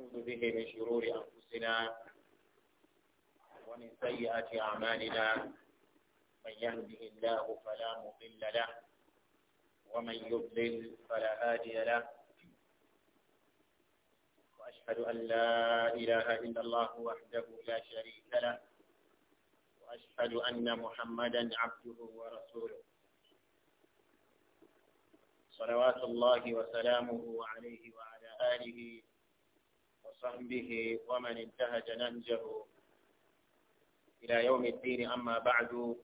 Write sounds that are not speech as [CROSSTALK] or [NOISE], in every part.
نعوذ به من شرور أنفسنا ومن سيئات أعمالنا من يهده الله فلا مضل له ومن يضلل فلا هادي له وأشهد أن لا إله إلا الله وحده لا شريك له وأشهد أن محمدا عبده ورسوله صلوات الله وسلامه عليه وعلى آله وصحبه ومن انتهج ننجه إلى يوم الدين أما بعد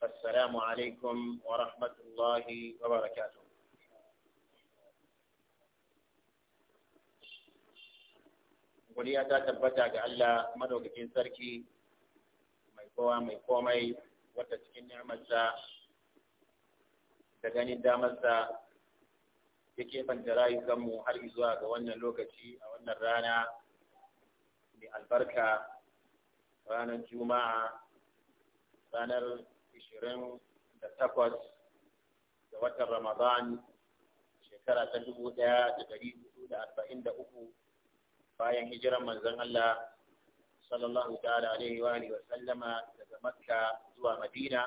فالسلام عليكم ورحمة الله وبركاته ولي يا ذات ألا مدوك في سركي ما يقوى ما يقوى ما وتسكن نعمة ذا تغني دامة ya kefanta rayukanmu har zuwa ga wannan lokaci a wannan rana mai albarka ranar juma'a ranar 28 da watan ramadan shekara ta 1443 bayan hijiran manzon Allah sallallahu ta'ala alaihi wa sallama daga makka zuwa madina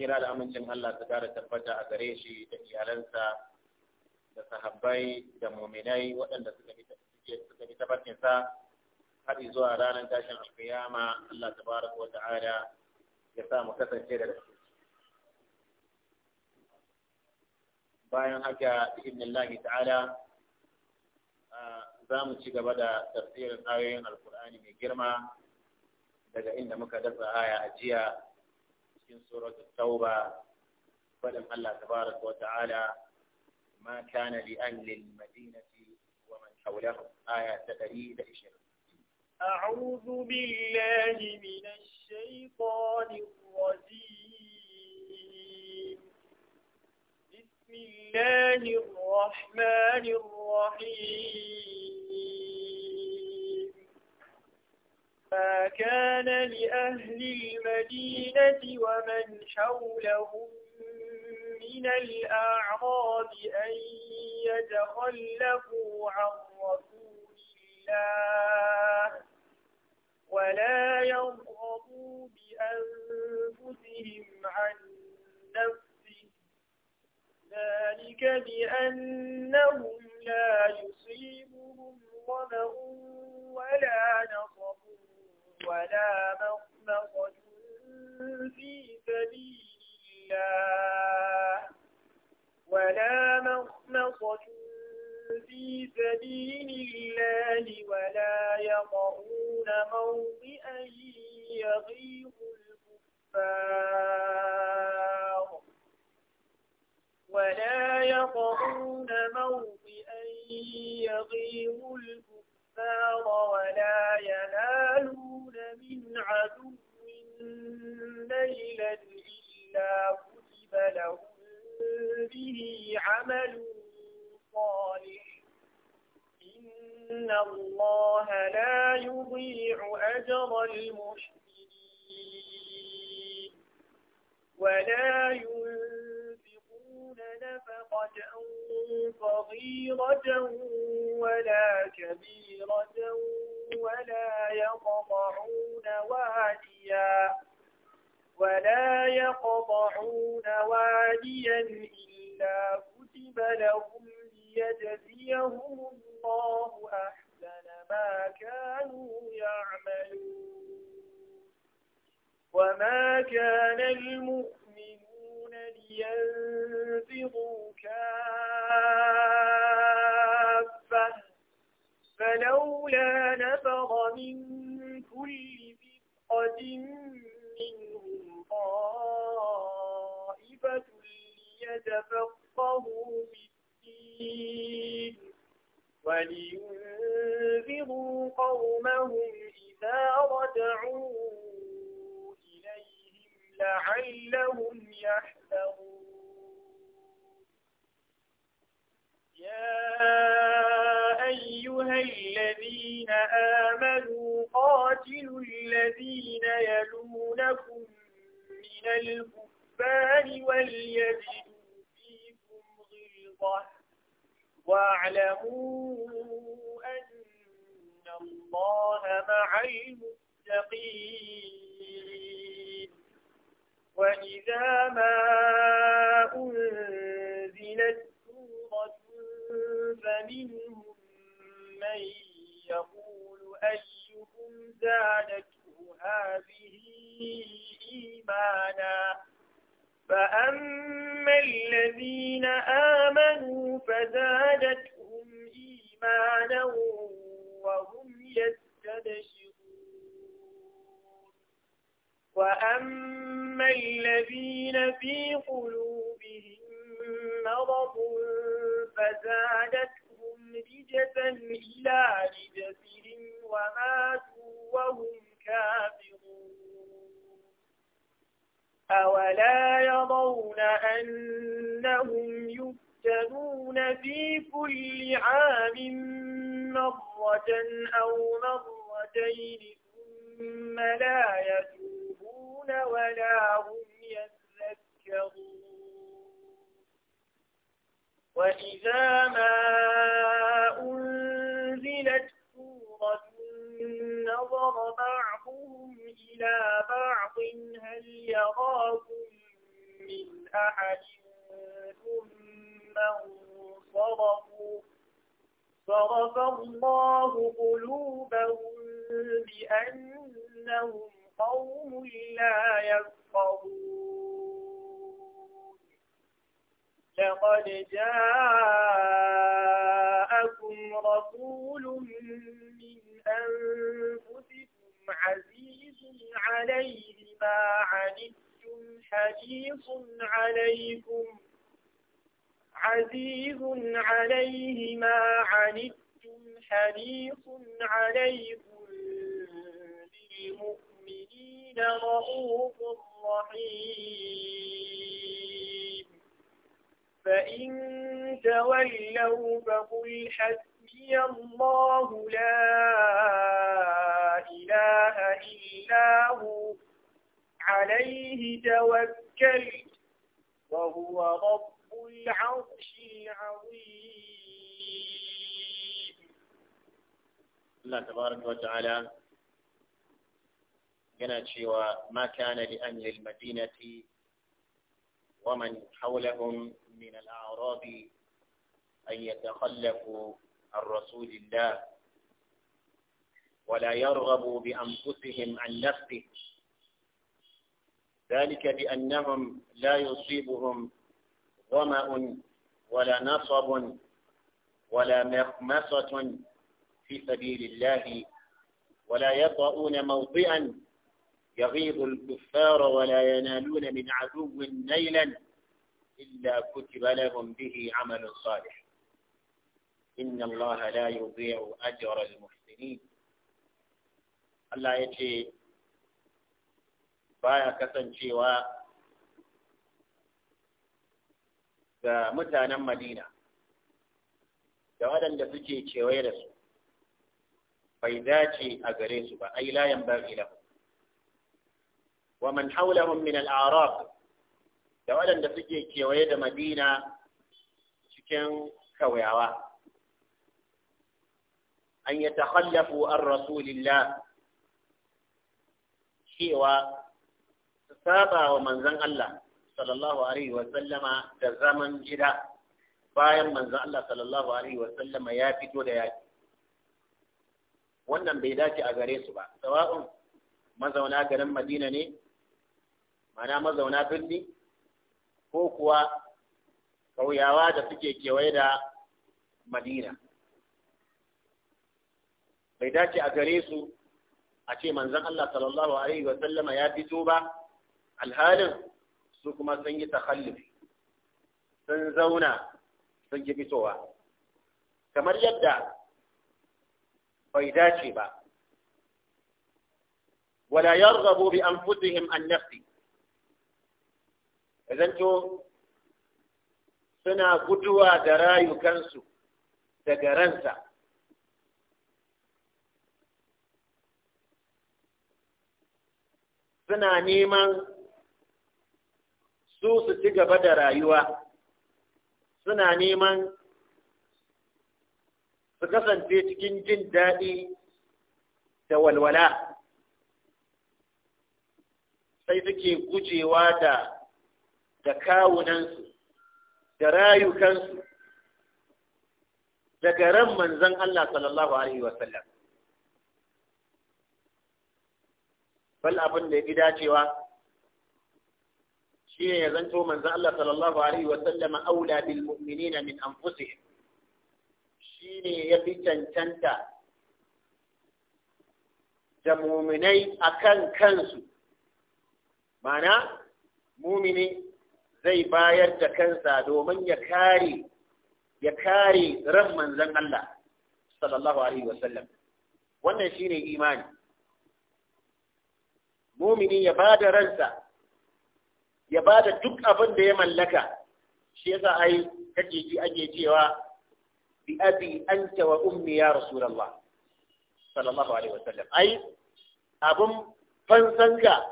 kira da amincin Allah su kara tabbata a gare shi da iyalansa da sahabbai da muminai waɗanda suka bi tabbatinsa har zuwa ranar tashin alkiyama Allah tabaraka wa ta'ala ya sa mu kasance da su bayan haka ibn Allah ta'ala za mu ci gaba da tafsirin ayoyin alkur'ani mai girma daga inda muka dasa aya a jiya cikin suratul tauba fadin Allah tabaraka wa ta'ala ma kana li ahli al-madinati wa man hawlahum aya ta 120 a'udhu billahi minash shaitanir rajim bismillahir rahmanir rahim ما كان لأهل المدينة ومن حولهم من الأعراب أن يتخلفوا عن رسول الله ولا يرغبوا بأنفسهم عن نفسه ذلك بأنهم لا يصيبهم ظمأ ولا نصب ولا مخمصة في سبيل الله ولا مخمصة في سبيل الله ولا يطعون موطئا يغيظ الكفار ولا يطعون موطئا يغيظ الكفار النار ولا ينالون من عدو ليلا إلا كتب لهم به عمل صالح إن الله لا يضيع أجر المحسنين ولا ينفقون نفقة صغيرة ولا كبيرة ولا يقطعون واديا ولا يقطعون واديا إلا كتب لهم ليجزيهم الله أحسن ما كانوا يعملون وما كان المؤمنون لينفضوا كافة فلولا نفر من كل فرقة منهم طائفة ليتفقهوا في الدين ولينذروا قومهم إذا رجعوا إليهم لعلهم يحذرون يا الذين آمنوا قاتلوا الذين يلونكم من الكفار وليجدوا فيكم غلظة واعلموا أن الله مع المتقين وإذا ما أنزلت سورة فمنهم من يقول أيكم زادته هذه إيمانا فأما الذين آمنوا فزادتهم إيمانا وهم يستبشرون وأما الذين في قلوبهم مرض فزادتهم رجسا إلا لجسر وماتوا وهم كافرون أولا يرون أنهم يفتنون في كل عام مرة أو مرتين ثم لا يتوبون ولا هم يذكرون وإذا ما أنزلت سورة نظر بعضهم إلى بعض هل يراكم من أحد ثم انصرفوا صرف الله قلوبهم بأنهم قوم لا يفقهون لقد جاءكم رسول من أنفسكم عزيز عليه ما عنتم حريص عليكم عزيز عليه ما عنتم حريص عليكم للمؤمنين رؤوف رحيم فإن تولوا فقل حسبي الله لا إله إلا هو عليه توكلت وهو رب العرش العظيم الله تبارك وتعالى yana cewa ما كان لأهل المدينة ومن حولهم من الأعراب أن يتخلفوا عن رسول الله ولا يرغبوا بأنفسهم عن نفسه ذلك بأنهم لا يصيبهم ظمأ ولا نصب ولا مخمصة في سبيل الله ولا يطؤون موطئا يغيظ الكفار ولا ينالون من عدو نيلا إلا كتب لهم به عمل صالح إن الله لا يضيع أجر المحسنين الله يجي بايا كسن شيوا ga mutanen Madina da waɗanda suke cewaye da su bai dace a wa man hawlahum min al-a'rab da waɗanda suke kewaye da Madina cikin kauyawa an yatakhallafu an rasulillah cewa su saba wa manzon Allah sallallahu alaihi wa sallama da zaman gida bayan manzon Allah sallallahu alaihi wa sallama ya fito da yaki wannan bai dace a gare su ba sawa'un mazauna garin Madina ne mana mazauna birni ko kuwa kauyawa da suke kewaye da madina bai dace a gare su a ce manzan Allah sallallahu Alaihi wasallama ya fito ba alhalin su kuma sun yi takhallufi sun zauna sun yi fitowa kamar yadda bai dace ba wala yarghabu bi anfusihim an nafsi ya zanto suna guduwa da rayukansu daga ransa suna neman su su ci gaba da rayuwa suna neman su kasance cikin jin daɗi da walwala sai suke gujewa da da kawunansu da rayukansu daga ran manzon Allah sallallahu alaihi wasallam bal abin da ya fi dacewa shi ne ya zanto manzan Allah sallallahu Alaihi wasallama aula bil mu'minina min anfusihim shi ne ya fi cancanta da muminai a kan kansu mana mumini zai bayar da kansa domin ya kare ya kare ran manzon Allah sallallahu alaihi wasallam wannan shine imani mumini ya bada ransa ya bada duk abin da ya mallaka shi yasa ai kake ji ake cewa bi abi anta wa ummi ya rasulullah sallallahu alaihi wasallam ai abun fansanka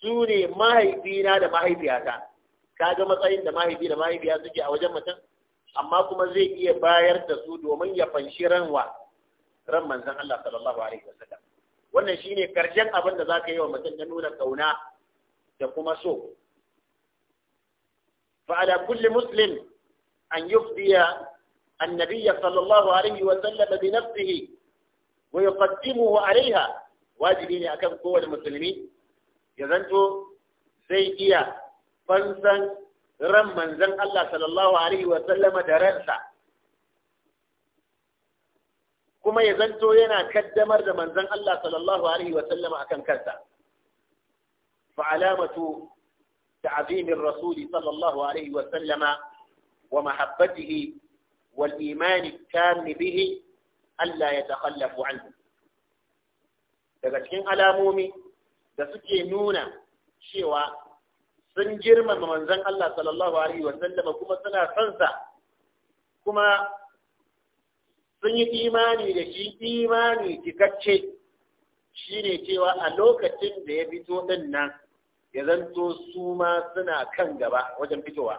su ne mahaifina da mahaifiyata kaga matsayin da mahaifi da mahaifiya suke a wajen mutum amma kuma zai iya bayar da su domin ya fanshi ranwa ran manzan Allah sallallahu alaihi wasallam wannan shine karshen abin da zaka yi wa mutum da nuna kauna da kuma so fa ala kulli muslim an yufdiya النبي صلى الله عليه وسلم بنفسه ويقدمه عليها واجبين أكم قوة المسلمين zanto zai iya. fansan ran manzan Allah sallallahu Alaihi wasallama da ransa, kuma ya zanto yana kaddamar da manzan Allah sallallahu Alaihi wasallama a kan kansa. Fa'alamatu da azimin Rasuli sallallahu Alaihi wasallama wa mahabbatihi wal imani kami bihi Allah ya takhallafu anhu. Daga cikin alamomi da suke nuna cewa sun girmama manzon Allah sallallahu alaihi wa sallam kuma suna son sa kuma sun yi imani da shi imani cikakke shine cewa a lokacin da ya fito din nan ya zanto su ma suna kan gaba wajen fitowa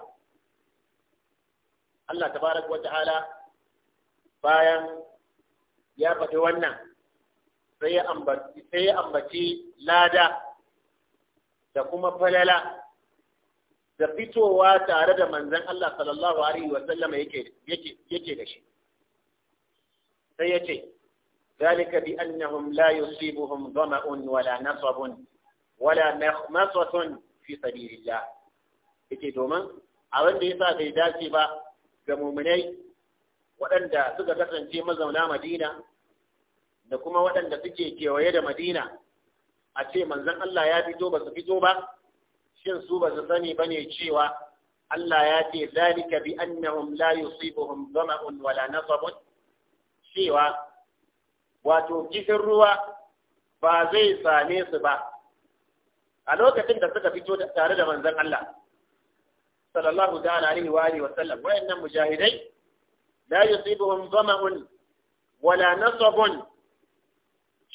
Allah tabarak wa ta'ala bayan ya faɗi wannan sai ya ambaci lada da kuma falala da fitowa tare da manzan Allah sallallahu Alaihi wasallama yake da shi. Sai yace, ce, ذلك بأنهم لا يصيبهم ظمأ ولا نصب ولا مخمصة في سبيل الله yake domin abin da yasa bai dace ba ga mumunai, waɗanda suka kasance mazauna Madina da kuma waɗanda suke kewaye da Madina a ce manzon Allah ya fito ba su fito ba shin su ba su sani ne cewa Allah ya ce zalika bi annahum la yusibuhum dhama'un wala nasabun cewa wato kifin ruwa ba zai same su ba a lokacin da suka fito tare da manzon Allah sallallahu ta'ala alaihi wa alihi wa sallam wayannan mujahidai la yusibuhum dhama'un wala nasabun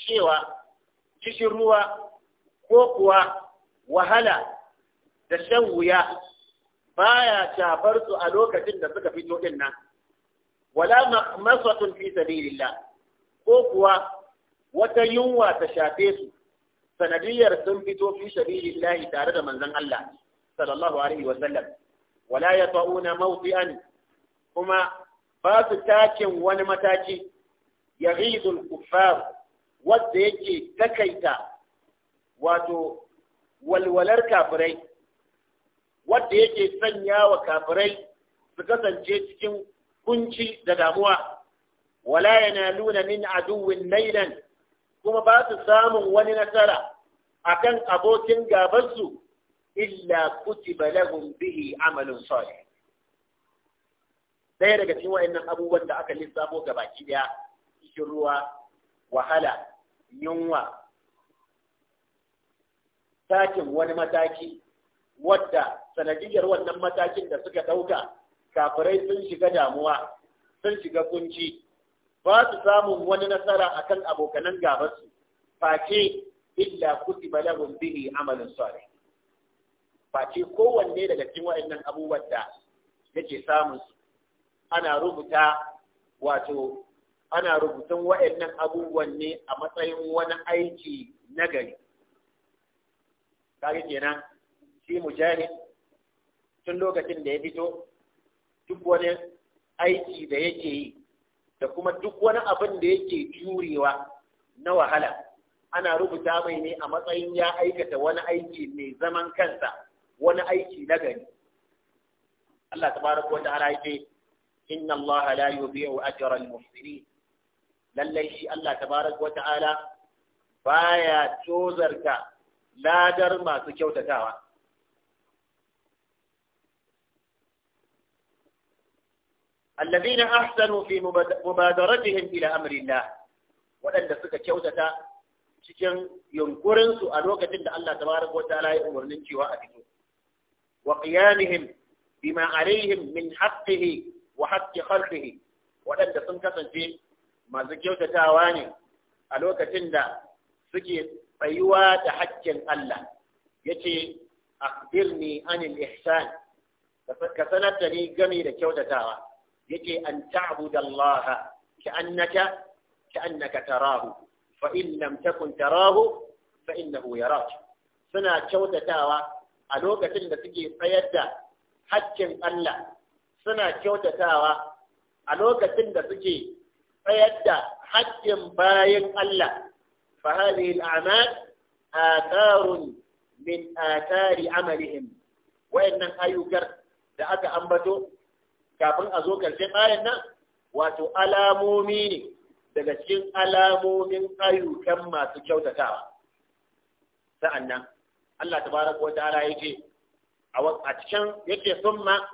cewa kishin ruwa ko kuwa wahala da shan wuya ba ya shafar su a lokacin da suka fito din nan wala maqmasatun fi sabilillah ko kuwa wata yunwa ta shafe su sanadiyar sun fito fi sabilillah tare da manzon Allah sallallahu alaihi wa sallam wala yata'una mawdi'an kuma ba su takin wani mataki yaghidul kuffar wanda yake takaita wato walwalar kafirai wadda yake sanya wa kafirai su kasance cikin kunci da damuwa wala yanaluna min aduwwin nailan kuma ba su samun wani nasara akan abokin gabansu illa kutiba lahum bihi amalun salih ɗaya daga cikin wa'annan abubuwan da aka lissafo ga baki ɗaya cikin ruwa wahala yunwa sakin wani mataki wadda sanadiyar wannan matakin da suka ɗauka kafirai sun shiga damuwa sun shiga kunci ba su samun wani nasara a akan abokanan gabansu face illa kutiba lahum bihi amalin salih face kowanne daga cikin waɗannan abubuwan da yake samun ana rubuta wato ana rubutun waɗannan abubuwan ne a matsayin wani aiki nagari kage kenan shi mujahid tun lokacin da ya fito duk wani aiki da yake yi da kuma duk wani abin da yake jurewa na wahala ana rubuta mai ne a matsayin ya aikata wani aiki mai zaman kansa wani aiki na gari Allah tabaraka wa ta'ala yake inna Allah la yudhi'u ajra al-muhsinin lallai shi Allah tabaraka wa ta'ala baya tozarta ladar masu kyautatawa الذين أحسنوا في مبادرتهم ila أمر الله وأن سكا كيوتة cikin yunkurinsu a lokacin da Allah tabaraka wa ta'ala ya umarnin cewa a fito wa qiyamihim bima alaihim min haqqihi wa haqqi khalqihi wadanda sun kasance masu kyautatawa ne a lokacin da suke tsayuwa da haƙƙin Allah yace akhbirni anil ihsan ka sanar ni game da kyautatawa yake an ta'budallaha ka'annaka ka'annaka tarahu fa in lam takun tarahu fa innahu yarak suna kyautatawa a lokacin da suke tsayar da haƙƙin Allah suna kyautatawa a lokacin da suke tsayar da haƙƙin bayan Allah fa hadhihi al'amal atharun min athari amalihim wayannan ayyukar da aka ambato kafin a zo karshen ayan nan wato alamomi ne daga cikin alamomin ayyukan masu kyautatawa sa'annan Allah tabaraka wa ta'ala yake a cikin yake summa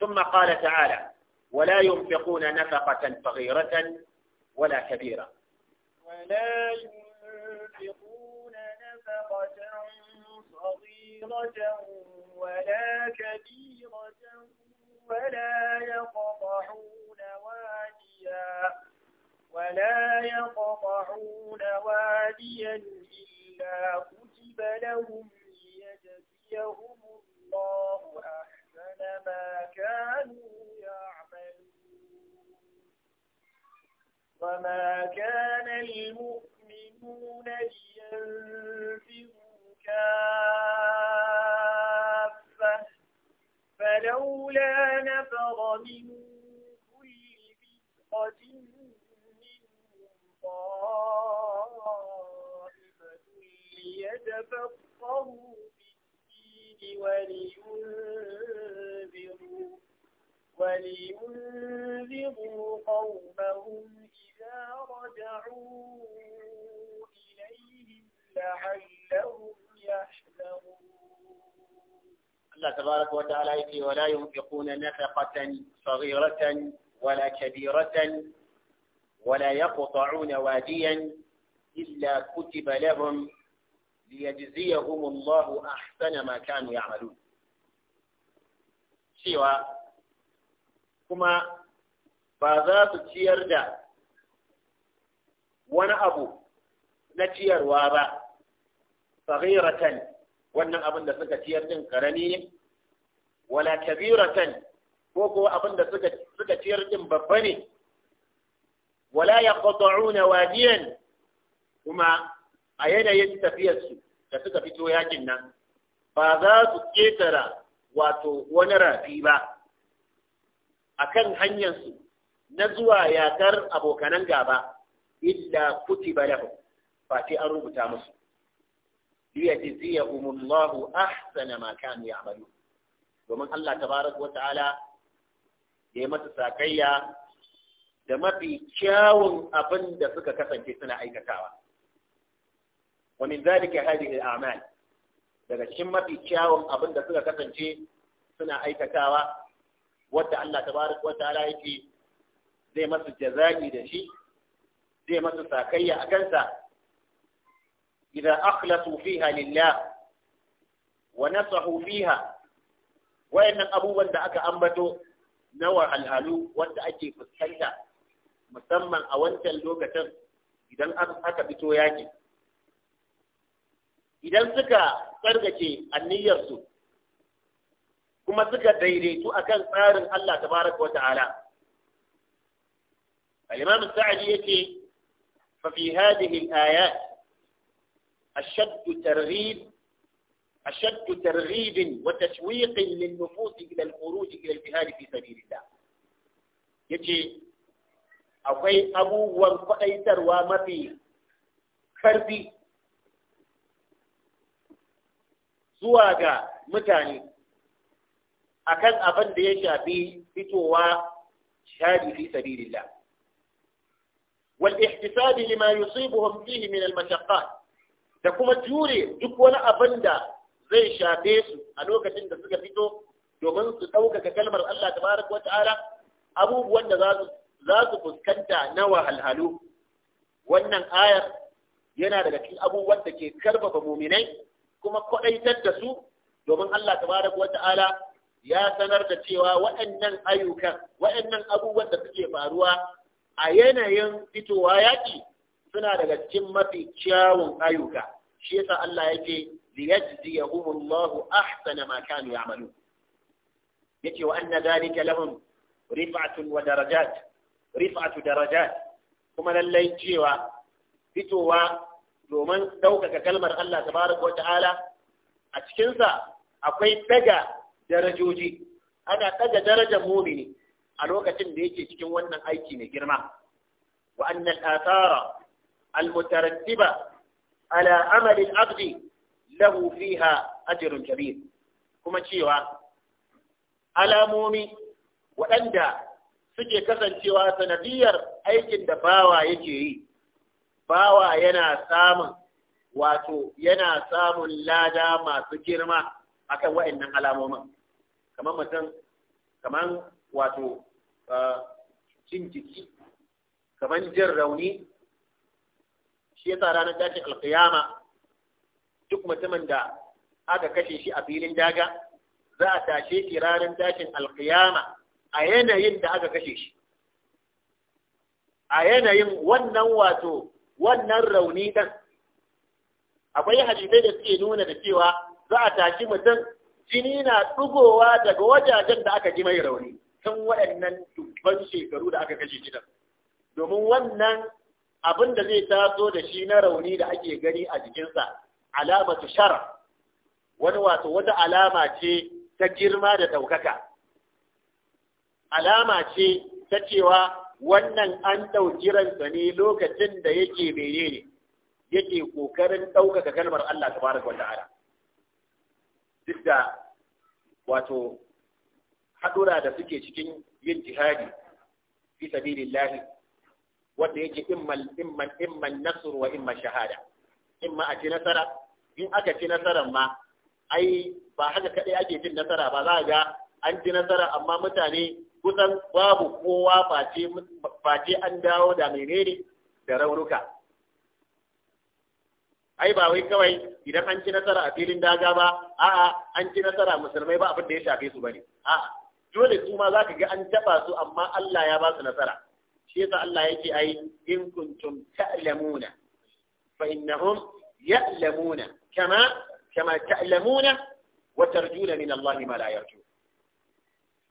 summa qala ta'ala wala yunfiquna nafaqatan saghiratan wala kabira ولا ينفقون نفقة صغيرة ولا كبيرة فلا يقطعون واديا ولا يقطعون واديا إلا كتب لهم ليجزيهم الله أحسن ما كانوا يعملون وما كان المؤمنون لينفروا كافرين لولا نفر من كل فرقة منهم طائفة ليتفقهوا في الدين ولينذروا ولينذروا قومهم إذا رجعوا إليهم لعلهم يحذرون الله تبارك وتعالى في ولا ينفقون نفقة صغيرة ولا كبيرة ولا يقطعون واديا إلا كتب لهم ليجزيهم الله أحسن ما كانوا يعملون سوى كما فذات تيردا وانا أبو نتير وابا صغيرة wannan abin da suka ciyar din karami ne wala kabiratan ko ko abin da suka suka ciyar din babba ne wala yaqta'una wadiyan kuma a yanayin tafiyar su da suka fito yakin nan ba za su ketara wato wani rafi ba akan hanyar su na zuwa yakar abokanan gaba illa kutiba lahum fa sai an rubuta musu liyajziyahum Allahu ahsana ma kanu ya'malu domin Allah tabaraka ta'ala ya mata sakayya da mafi kyawun abin suka kasance suna aikatawa wa min zalika daga cikin mafi kyawun abin da suka kasance suna aikatawa wadda Allah tabaraka wa ta'ala yake zai masu jaza'i da shi zai masu sakayya a kansa إذا أخلصوا فيها لله ونصحوا فيها وإن أبو وند أكا أمبتو نوى الهلو وند أجي فسكنتا مسمى أونت اللوكة إذا أكا بتو ياجي idan suka tsarkake anniyarsu kuma suka daidaitu akan tsarin Allah tabaraka wa Sa'adi al-imam sa'di yake fa fi أشد ترغيب أشد ترغيب وتشويق للنفوس إلى الخروج إلى الجهاد في سبيل الله يجي أخي أبو وفأيتر في فردي سواغا متاني أكد أبن ديشا بي بتوى جهاد في سبيل الله والاحتساب لما يصيبهم فيه من المشقات da kuma jure duk wani abin da zai shafe su a lokacin da suka fito domin su ɗaukaka kalmar Allah wa ta'ala abubuwan da za su fuskanta na wahalhalu wannan ayar yana daga cikin abubuwan da ke karfafa muminai kuma kwaɗaitar da su domin Allah wa ta'ala ya sanar da cewa waɗannan ayyukan waɗannan abubuwan da suke faruwa a yanayin fitowa yaƙi suna daga cikin mafi kyawun ayyuka shi yasa Allah yake liyajziyahumullahu ahsana ma kanu ya'malu yace wa anna dalika lahum rif'atun wa darajat rif'atu darajat kuma lallai cewa fitowa domin ɗaukaka kalmar Allah tabaraka wa ta'ala a cikinsa akwai daga darajoji ana daga darajar mumini a lokacin da yake cikin wannan aiki mai girma wa annal athara المترتبة على عمل العبد له فيها أجر كبير كما alamomi waɗanda suke kasancewa sanadiyar aikin da bawa yake yi, bawa yana samun wato yana samun lada masu girma akan waɗannan alamomin, kamar mutum, kamar wato cin jiki, kamar jin rauni, shi yasa ranar tashin alkiyama duk mutumin da aka kashe shi a filin daga za a tashe shi ranar tashin alkiyama a yanayin da aka kashe shi a yanayin wannan wato wannan rauni dan akwai hajjibai da suke nuna da cewa za a tashi mutum jini na dugowa daga wajajen da aka ji mai rauni tun waɗannan dubban shekaru da aka kashe shi domin wannan abin da zai taso da shi na rauni da ake gani a jikinsa alamatu shar wani wato wata alama ce ta girma da ɗaukaka alama ce ta cewa wannan an ɗauki ransa ne lokacin da yake ne yake ƙoƙarin ɗaukaka kalmar Allah Ta fara kwanta ara duk da wato haɗura da suke cikin yin jihadi fi sabilillahi wanda yake imman imman imman nasr wa imma shahada imma a ci nasara in aka ci nasarar ma ai ba haka kadai ake jin nasara ba za ga an ci nasara amma mutane kusan babu kowa face an dawo da menene da raunuka ai ba wai kawai idan an ci nasara a filin daga ba a'a an ci nasara musulmai ba abin da ya shafe su bane a'a dole su ma za ka ga an taba su amma Allah ya ba su nasara shi yasa Allah yake ai in kuntum ta'lamuna fa innahum ya'lamuna kama kama ta'lamuna wa tarjuna min Allah ma la yarju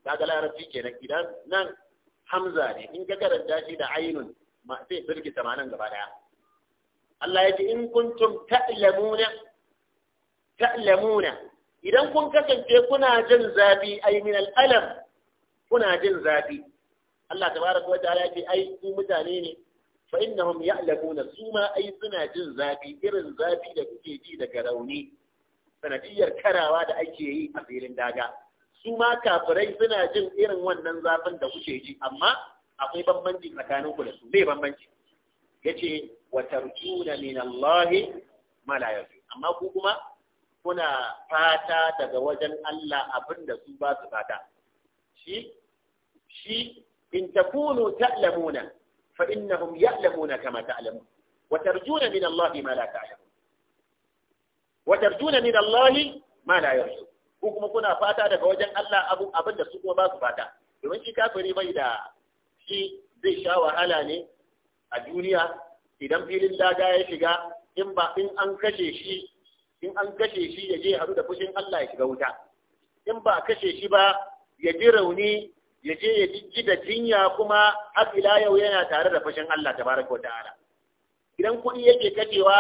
kaga larabci kenan idan nan hamza ne in ka karanta shi da ainun ma sai birkita ma nan gaba daya Allah ya ce in kuntum ta'lamuna ta'lamuna idan kun kasance kuna jin zafi ay min al-alam kuna jin zafi Allah tabaraka wa ta'ala yake ai su mutane ne fa innahum ya'lamuna su ma ai suna jin zafi irin zafi da kuke ji daga rauni sanadiyar karawa da ake yi a filin daga su ma kafirai suna jin irin wannan zafin da kuke ji amma akwai bambanci tsakanin ku da su bai bambanci yace wa tarjuna min Allah ma la yafi amma ku kuma kuna fata daga wajen Allah abinda su ba su fata shi shi إن تكونوا تألمون فإنهم يألمون كما تعلمون وترجون من الله ما لا تعلمون وترجون من الله ما لا يرجون ko kuma kuna fata daga wajen Allah abu abin da su kuma ba su fata domin shi kafiri bai da shi zai sha wahala ne a duniya idan filin daga ya shiga in ba in an kashe shi in an kashe shi ya je haɗu da fushin Allah ya shiga wuta in ba kashe shi ba ya ji rauni ya je ya da jinya kuma har yau yana tare da fashin Allah tabaraka ta'ala idan kuɗi yake kacewa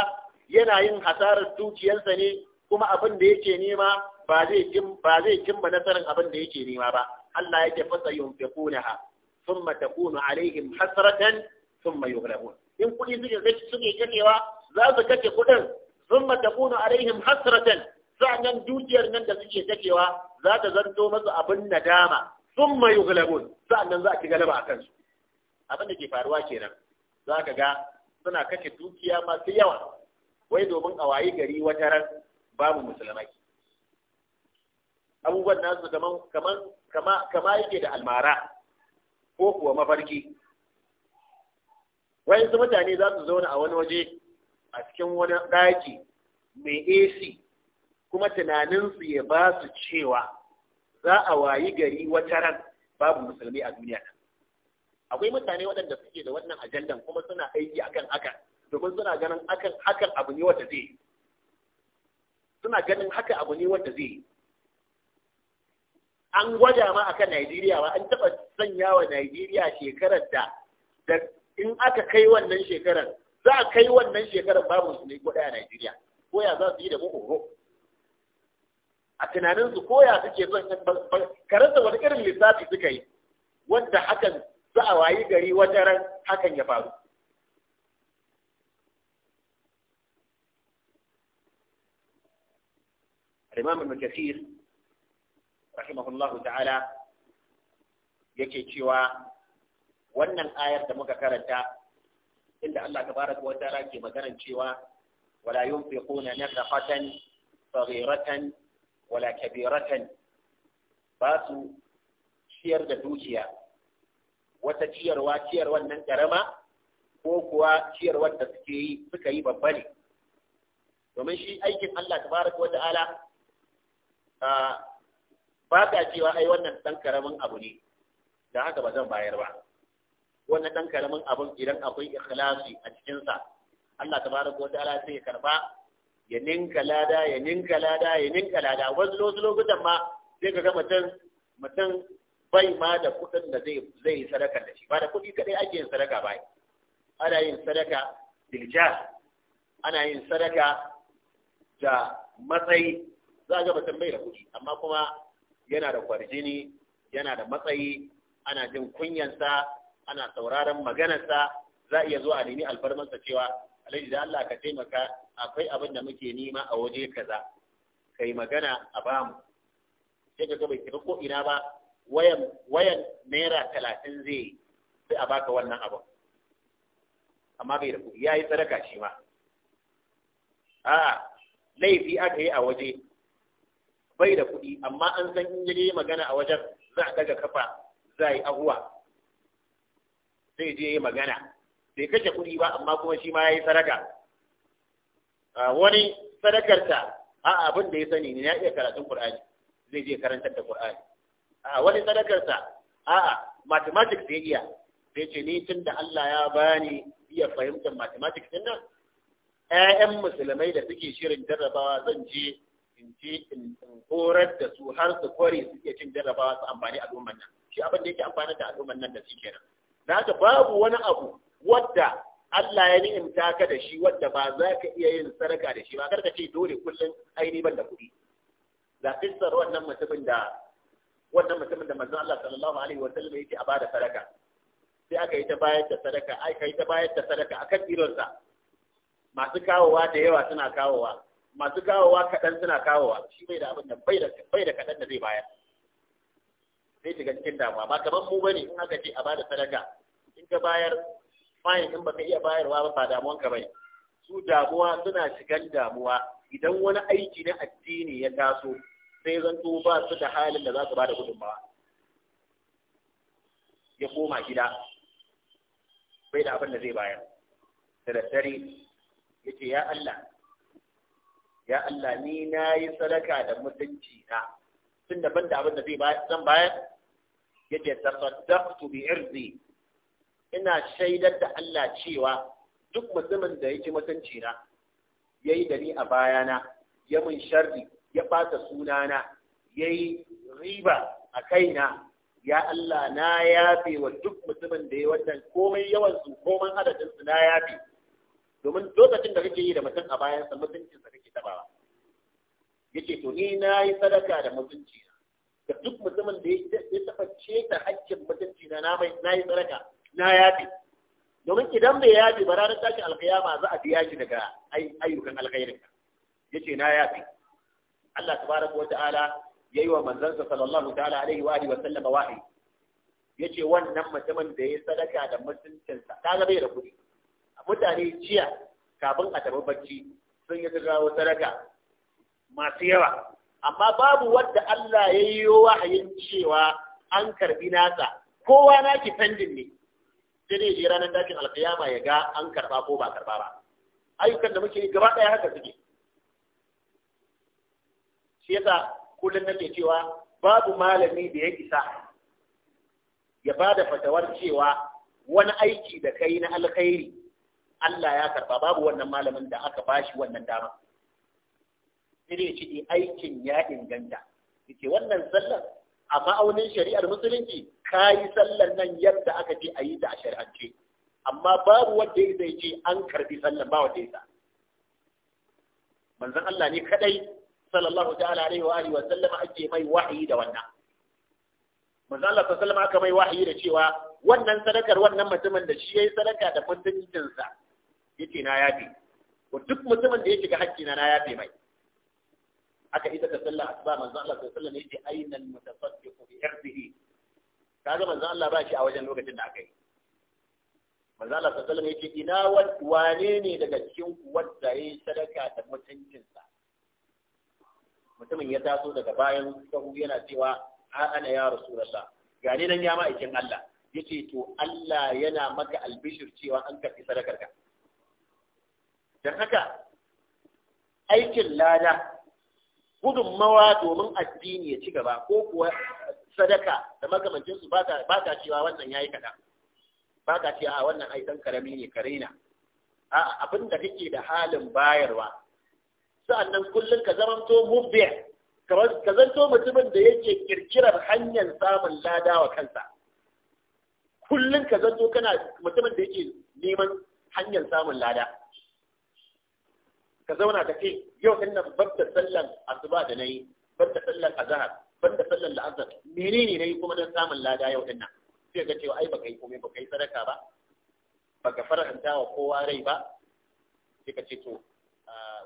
yana yin hasarar dukiyarsa ne kuma abin da yake nema ba zai ba zai nasarar abin da yake nema ba Allah yake fasa yunfiqunaha thumma takunu alaihim hasratan thumma yughlabun in kuɗi suke suke kacewa za su kace kuɗin thumma takunu alaihim hasratan sa'an dukiyar nan da suke kacewa za ta zanto masu abin nadama thumma yughlabun sa'annan za ki galaba a kansu abin da ke faruwa kenan za ka ga suna kashe dukiya masu yawa wai domin a wayi gari wata ran babu musulmai abubuwan nasu kama yake da almara ko kuwa mafarki su mutane za su zauna a wani waje a cikin wani ɗaki mai AC kuma tunaninsu ya ba su cewa za a wayi gari wata ran babu musulmi a duniya akwai mutane waɗanda suke da wannan ajandan kuma suna aiki akan hakan domin suna ganin akan hakan abu ne wanda zai suna ganin haka abu ne wanda zai an gwada ma akan Najeriya ba an taɓa sanya wa Najeriya shekarar da in aka kai wannan shekarar za a kai wannan shekarar babu musulmi ko ɗaya Najeriya ko ya za su yi da mu a tunaninsu koya suke son karanta wani irin lissafi suka yi wanda hakan za a wayi gari wata ran hakan ya faru Imam Ibn Kathir rahimahullahu ta'ala yake cewa wannan ayar da muka karanta inda Allah tabaraka wa ta'ala ke maganar cewa wala yunfiquna nafaqatan saghiratan wala kabiratan ba su ciyar da dukiya wata ciyarwa ciyar wannan karama ko kuwa ciyar wanda suke yi suka yi babba ne domin shi aikin Allah tabaraka wa ta'ala ba ta cewa ai wannan dan karamin abu ne da haka ba zan bayar ba wannan dan karamin abun idan akwai ikhlasi a cikin sa Allah tabaraka wa ta'ala sai ya karba ya ninka lada ya ninka lada ya ninka lada wasu wasu lokutan ma sai ka ga mutum mutum bai ma da kuɗin da zai yi sadaka da shi ba da kuɗi kadai ake yin sadaka ba ana yin sadaka dilja ana yin sadaka da matsayi za ga mutum bai da kuɗi amma kuma yana da kwarjini yana da matsayi ana jin kunyansa ana sauraron maganarsa za a iya zuwa a nemi alfarmarsa cewa alhaji da Allah ka taimaka akwai abin da muke nema a waje kaza kai magana a bamu sai ka bai kira ko ina ba wayan wayan naira talatin zai sai a baka wannan abin amma bai da kuɗi ya yi sadaka shi ma a'a laifi aka yi a waje bai da kuɗi amma an san in je magana a wajen za a daga kafa za a yi ahuwa sai je yi magana bai kashe kuɗi ba amma kuma shi ma ya yi sadaka Ah, wani sadakarta a ah, abin da ya sani ne ya iya karatun Qur'ani zai je karantar da Qur'ani a ah, wani sadakarta a mathematics zai iya sai ce ni tun da Allah ya bani iya fahimtar mathematics din nan ƴaƴan musulmai da suke shirin jarrabawa zan je in je in horar da su har su kware suke cin jarrabawa su amfani al'umman nan shi abin da yake amfani da al'umman nan da shi kenan da haka babu wani abu wadda Allah ya ni'imta ka da shi wanda ba za ka iya yin sadaka da shi ba karka ce dole kullum aini ban da kuɗi da kissar wannan mutumin da wannan mutumin da manzon Allah sallallahu alaihi wa sallam yake a bada sadaka sai aka yi ta bayar da sadaka ai kai ta bayar da sadaka akan irinsa masu kawowa da yawa suna kawowa masu kawowa kaɗan suna kawowa shi bai da abin da bai da bai da kaɗan da zai bayar sai shiga cikin damuwa ba kamar mu bane in aka ce a bada sadaka in ka bayar fine in baka iya bayarwa ba ba damuwan ka bai su damuwa suna shigan damuwa idan wani aiki na addini ya taso sai to ba su da halin da za su ba da gudunmawa ya koma gida bai da abin da zai bayar da daddare ya ce ya Allah ya Allah ni na yi sadaka da mutunci na tun da ban da abin da zai bayar ya ce tasaddaqtu bi irzi ina shaidar da Allah cewa duk mutumin da yake mutunci na yayi da ni a bayana ya mun sharri ya ɓata sunana yayi riba a kaina ya Allah na yafe wa duk mutumin da ya wannan komai yawan su komai adadin su na yafe domin lokacin da kake yi da mutum a bayan sa mutuncin sa kake tabawa yace to ni na yi sadaka da mutunci da duk mutumin da ya taɓa ta haƙƙin mutunci na na yi sadaka na yafi domin idan bai yafi ba ranar tashin alkiyama za a biya shi daga ayyukan alkhairin ya ce na yafi Allah tabaraka wa ta'ala yayi wa manzansa sallallahu ta'ala alaihi wa alihi wa sallama wahayi yace wannan mutumin da ya sadaka da mutuncinsa ta bai da kuɗi mutane jiya kafin a tafi bacci sun yi gawo sadaka masu yawa amma babu wadda Allah ya yi wahayin cewa an karbi nasa kowa na ki fandin ne sai dai je ranar tashin alkiyama ya ga an karba ko ba karba ba ayyukan da muke yi gaba ɗaya haka suke shi yasa kullum nake cewa babu malami da ya isa ya ba da fatawar cewa wani aiki da kai na alkhairi Allah ya karba babu wannan malamin da aka bashi wannan dama sai dai ya ce eh, aikin ya inganta yace wannan sallar a ma'aunin shari'ar musulunci ka yi sallar nan yadda aka ce a yi ta a shari'ance amma babu wanda ya zai ce an karbi sallar ba wanda ya sa manzon Allah ne kadai sallallahu ta'ala alaihi wa alihi wa sallama ake mai wahayi da wannan manzon Allah sallallahu alaihi aka mai wahayi da cewa wannan sadakar wannan mutumin da shi yayi sadaka da mutuncinsa yace na yafe ko duk mutumin da ya shiga hakki na na yafe mai aka ita ta sallar asuba manzo Allah sai alaihi wasallam yace aina al-mutasaddiq bi irdihi kaga manzo Allah ba shi a wajen lokacin da aka yi manzo Allah sai alaihi wasallam yace ina wane ne daga cikin ku wanda yayi sadaka da mutuncinsa mutumin ya taso daga bayan sahu yana cewa a ana ya rasulullah ga ni nan ya ma ikin Allah yace to Allah yana maka albishir cewa an kafi sadakar ka dan haka aikin lada gudunmawa domin addini ya ci gaba ko kuwa sadaka da makamancinsu ba ta cewa wannan ya yi kaɗan ba ta cewa wannan aitan karami ne karena a abin da kake da halin bayarwa sa'annan kullum ka zamanto mubbe ka zanto mutumin da yake kirkirar hanyar samun lada wa kansa kullum ka zanto kana mutumin da yake neman hanyar samun lada ka zauna ka ce yau din nan ban da sallan asuba da nayi ban da sallan azhar ban da sallan la'azhar menene nayi kuma dan samun lada yau din nan sai ka ce ai baka yi komai baka yi sadaka ba baka faranta wa kowa rai ba sai ka ce to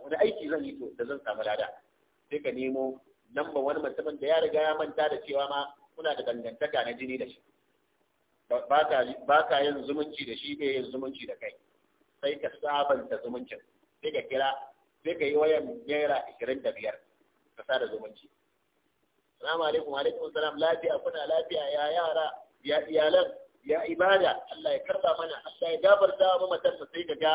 wani aiki zan yi to da zan samu lada sai ka nemo lamba wani mutumin da ya riga ya manta da cewa ma kuna da dangantaka na jini da shi ba ka yin zumunci da shi bai yin zumunci da kai sai ka sabanta zumuncin sai ka kira sai ka yi wayan naira ishirin da biyar ka sada zumunci salamu alaikum alaikum salam lafiya kuna lafiya ya yara ya iyalan ya ibada Allah ya karba mana Allah ya gafarta wa mamatar sai ka ga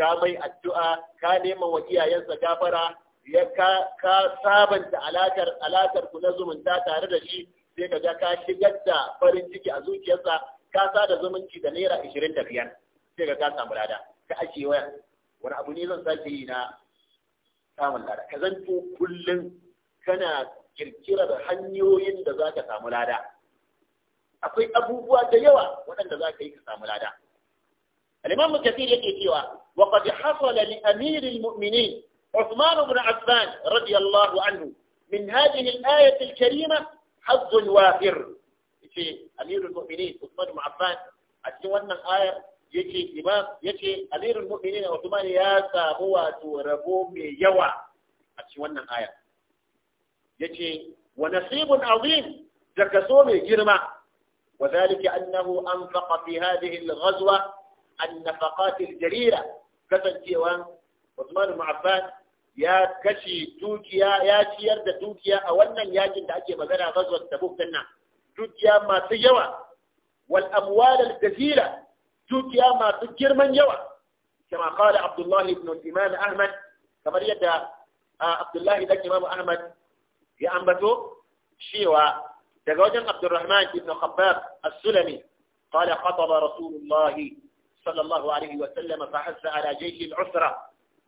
ka mai addu'a ka nema wa iyayensa gafara ya ka ka sabanta alakar alakar ku na zumunta tare da shi sai ka ga ka shigar da farin ciki a zuciyarsa ka sada zumunci da naira ishirin da biyar sai ka ka samu lada ka ake waya wani abu ne zan sake yi na samun ka zanto kullum kana kirkirar hanyoyin da za ka samu lada akwai abubuwa da yawa waɗanda za ka yi ka samu lada al-imam kathir yake cewa wa qad hasala li amir al radiyallahu anhu min hadhihi al-ayat karima hadd wafir ce amir al-mu'minin a cikin wannan ayar yake imam yace amirul mu'minin Uthman ya samu wato rabo mai yawa a cikin wannan aya yace wa nasibun azim da kaso mai girma وذلك أنه أنفق في هذه الغزوة النفقات الجريرة كسن تيوان عثمان بن عفان ya kashi dukiya ya ciyar da dukiya a wannan yakin da ake magana gazuwar tabuk din nan dukiya masu yawa wal amwal al kathira dukiya masu girman yawa kama kala abdullahi ibn imam ahmad kamar yadda abdullahi da imam ahmad ya ambato cewa daga wajen abdurrahman ibn khabbab as-sulami qala khataba rasulullah sallallahu alaihi wa sallama fa hasa ala jaysh al-usra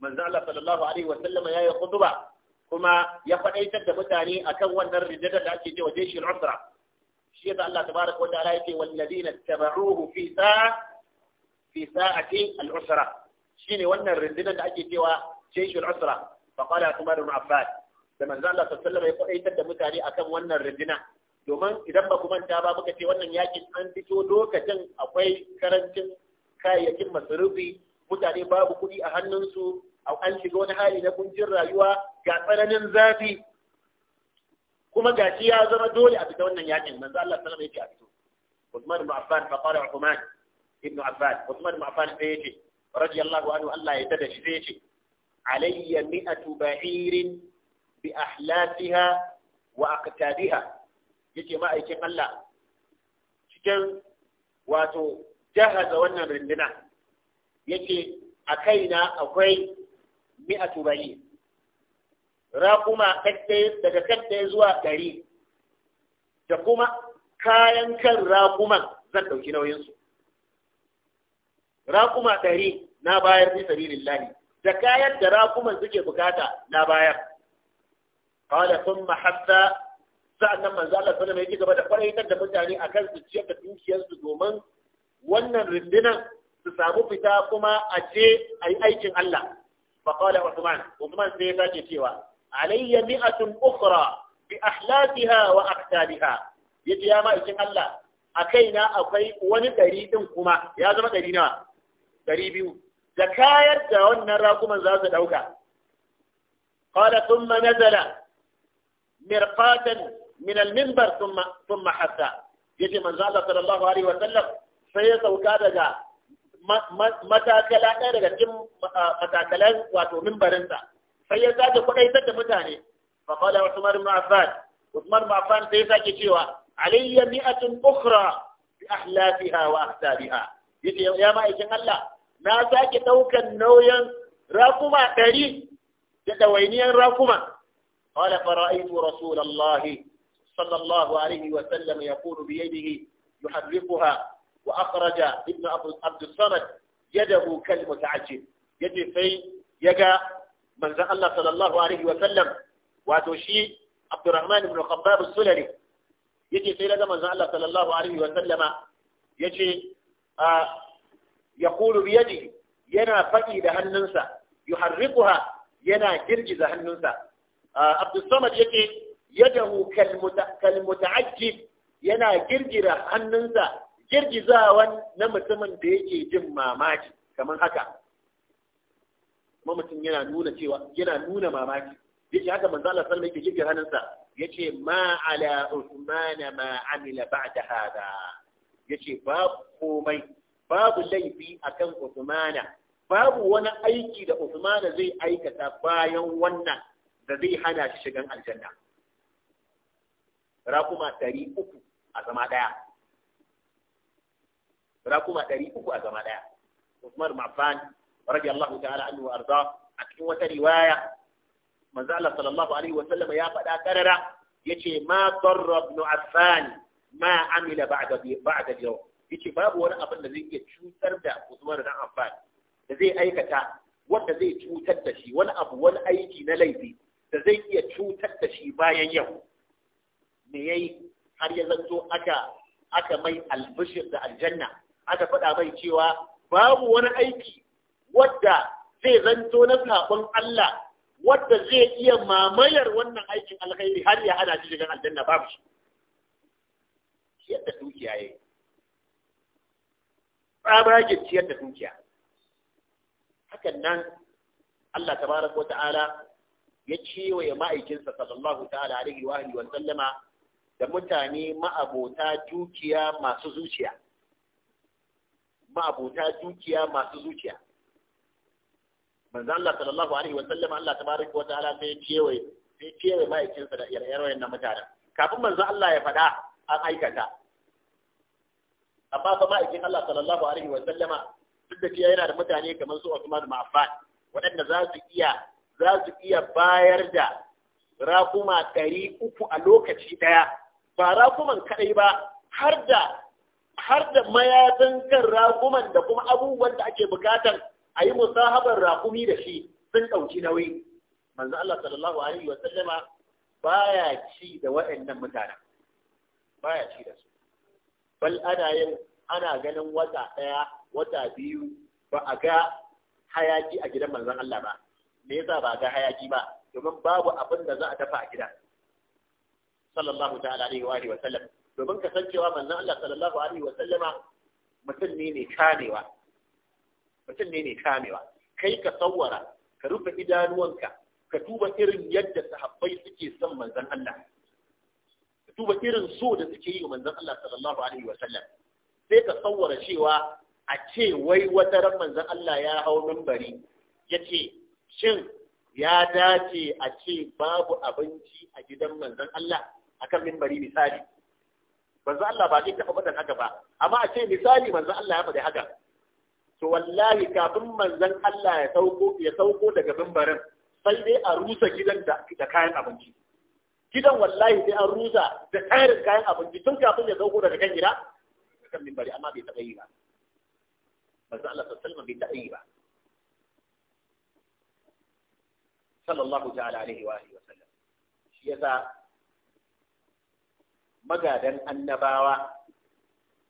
manzo Allah sallallahu alaihi wa sallam yayi khutba kuma ya faɗaitar da mutane akan wannan rijada da ake cewa jaysh al-usra shi da Allah tabaraka wa ta'ala yake wal ladina tabauhu fi sa'a fi sa'ati al-usra shine wannan rindina da ake cewa al usra fa qala Umar ibn Affan da manzo Allah sallallahu alaihi wasallam ya faɗa da mutane akan wannan rindina domin idan ba ku manta ba muka ce wannan yaki an fito lokacin akwai karancin kayayyakin masarufi mutane babu kuɗi a hannunsu an shiga wani hali na kuncin rayuwa ga tsananin zafi kuma shi ya zama dole a fita wannan yakin manzo Allah sallallahu alaihi wasallam ya ce a fito Uthman ibn Affan fa qala Uthman ibn Abbas Usman ibn Affan sai yace radiyallahu anhu Allah ya tada shi sai yace alayya mi'atu ba'irin bi ahlafiha wa aqtabiha yake ma'aikin Allah cikin wato jahaza wannan rinduna yake a kaina akwai mi'atu ba'ir raƙuma daga kaddaye zuwa ɗari da kuma kayan kan raƙuman zan ɗauki nauyinsu raƙuma ɗari na bayar fi sabilillahi da kayan da raƙuman suke bukata na bayar qala thumma hatta nan manzo Allah sallallahu alaihi wasallam gaba da faraitar da mutane akan su ciyar da dukiyar domin wannan rindinan su samu fita kuma a ce ayi aikin Allah fa qala Uthman Uthman sai ya sake cewa alayya mi'atun ukhra bi ahlafiha wa aqtabiha yace ya ma ikin Allah a kaina akwai wani ɗari ɗin kuma ya zama ɗari nawa dari biyu da kayar da wannan rakuman za su ɗauka qala thumma nazala mirqatan min al-minbar thumma thumma hatta ce manzo Allah sallallahu alaihi wa sallam sai ya sauka daga matakala ɗaya daga cikin ah, matakalan wato mimbarinsa sai ya sake kuɗaitar da mutane fa qala Usman ibn Affan Usman ibn Affan sai ya sake cewa alayya mi'atun ukhra bi ahlafiha wa ahsabiha yace ya ma'aikin Allah na sake ɗaukan nauyin rakuma ɗari da ɗawainiyar rakuma. Wala fara'aitu Rasulallahi sallallahu alaihi wa sallam ya kuru biyadihi yuharrikuha wa akhraja ibn Abdul Samad yadahu kal muta'ajjib yace sai ya ga manzan Allah sallallahu alaihi wa sallam wato shi Abdurrahman ibn Khabbab as-Sulali yace sai ga manzan Allah sallallahu alaihi wa sallama yace a ah, yaqulu bi yana faɗi da hannunsa yuharrikuha yana girgiza hannunsa Abdul Samad yake yadahu kal muta'ajjib yana girgira hannunsa girgizawan na mutumin da yake jin mamaki kamar haka kuma mutum yana nuna cewa yana nuna yace haka manzo Allah sallallahu alaihi wasallam hannunsa yace ma ala usman ma amila ba'da hada yace babu komai babu laifi akan Usmana babu wani aiki da Usmana zai aikata bayan wannan da zai hana shi shigan aljanna rakuma ɗari uku a zama ɗaya rakuma ɗari uku a zama ɗaya Usman Mafan radiyallahu ta'ala anhu arza a cikin wata riwaya manzo Allah sallallahu alaihi wa sallam ya faɗa karara yace ma darra ibn Affan ma amila ba'da ba'da yau yace babu wani abin da zai iya cutar da Usman dan Affan da zai aikata wanda zai cutar da shi wani abu wani aiki na laifi da zai iya cutar da shi bayan yau me yayi har ya zanto aka aka mai albishir da aljanna aka faɗa mai cewa babu wani aiki wadda zai zanto na sabon Allah wadda zai iya mamayar wannan aikin alkhairi har ya hana shi shiga aljanna babu shi yadda dukiya yayi tsabagen ciyar da dukiya hakan nan Allah tabaraka wa ta'ala ya cewa ma'aikinsa sallallahu ta'ala alaihi wa alihi wa sallama da mutane ma'abota dukiya masu zuciya ma'abota dukiya masu zuciya manzo Allah sallallahu alaihi wa sallama Allah tabaraka wa ta'ala sai cewa sai cewa ma'aikinsa da yarayen iren mutanen kafin manzo Allah ya faɗa an aikata amma fa ma'aikin Allah sallallahu alaihi wa sallama duk da cewa yana da mutane kamar su Uthman ibn Affan waɗanda za su iya za su iya bayar da rakuma ɗari uku a lokaci ɗaya ba rakuman kaɗai ba har da har da mayatan kan rakuman da kuma abubuwan da ake bukatan a yi musahabar rakumi da shi sun ɗauki nauyi manzo Allah sallallahu alaihi wa sallama baya ci da waɗannan mutanen baya ci da su bal ana yin ana ganin wata ɗaya wata biyu ba a ga hayaki a gidan manzon Allah ba me yasa ba a ga hayaki ba domin babu abin da za a dafa a gida sallallahu ta'ala alaihi wa alihi wa sallam domin kasancewa manzon Allah sallallahu alaihi wa sallama mutum ne mai kamewa mutum ne mai kamewa kai ka sawwara ka rufe idanuwanka ka duba irin yadda sahabbai suke son manzon Allah duba irin so da suke yi wa manzon Allah sallallahu alaihi wa sallam sai ka tsawara cewa a ce wai wata ran manzon Allah ya hau minbari yace shin ya dace a ce babu abinci a gidan manzon Allah akan minbari misali manzon Allah ba zai taɓa faɗin haka ba amma a ce misali manzon Allah ya faɗi haka to wallahi kafin manzon Allah ya sauko ya sauko daga minbarin sai dai a rusa gidan da kayan abinci gidan wallahi sai an rusa da tsarin kayan abinci tun kafin ya sauko daga kan gida kan mimbari amma bai taɓa yi ba manzo Allah sallallahu bai taɓa yi ba sallallahu ta'ala alaihi wa alihi wa sallam shi yasa magadan annabawa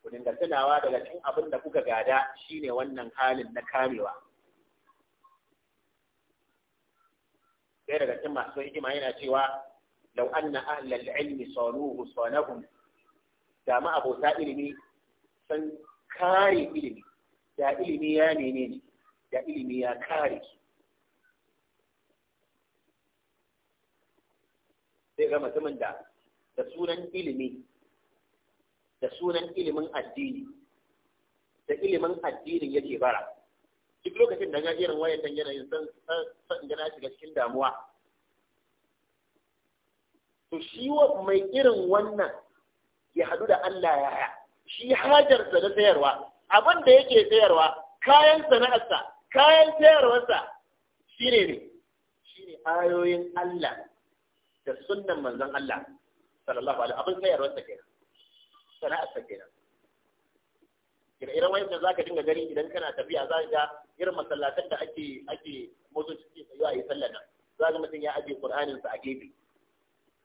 ku dinga tunawa daga cikin abin da kuka gada shine wannan halin na kamewa sai daga cikin masu hikima yana cewa lau أن أهل العلم صانوه صانهم da أبو ilimi سن kare ilimi da ilimi ya nene da ilimi ya kare ما sai ga تسونا da تسونا sunan ilimi da sunan ilimin addini da addinin yake bara duk lokacin da ga irin wayan dan yanayin san san shiga cikin damuwa to shi mai irin wannan ya haɗu da Allah ya haya shi hajar da sayarwa abin da yake sayarwa kayan sana'arsa kayan sayarwarsa shi ne ne shi ne ayoyin Allah da sunnan manzon Allah sallallahu alaihi abin sayarwarsa kenan sana'arsa kenan ire wani wayan za ka dinga gani idan kana tafiya za ga irin masallatan da ake ake motsa ciki tsayuwa a yi sallah nan za ga mutum ya ajiye qur'anin a gefe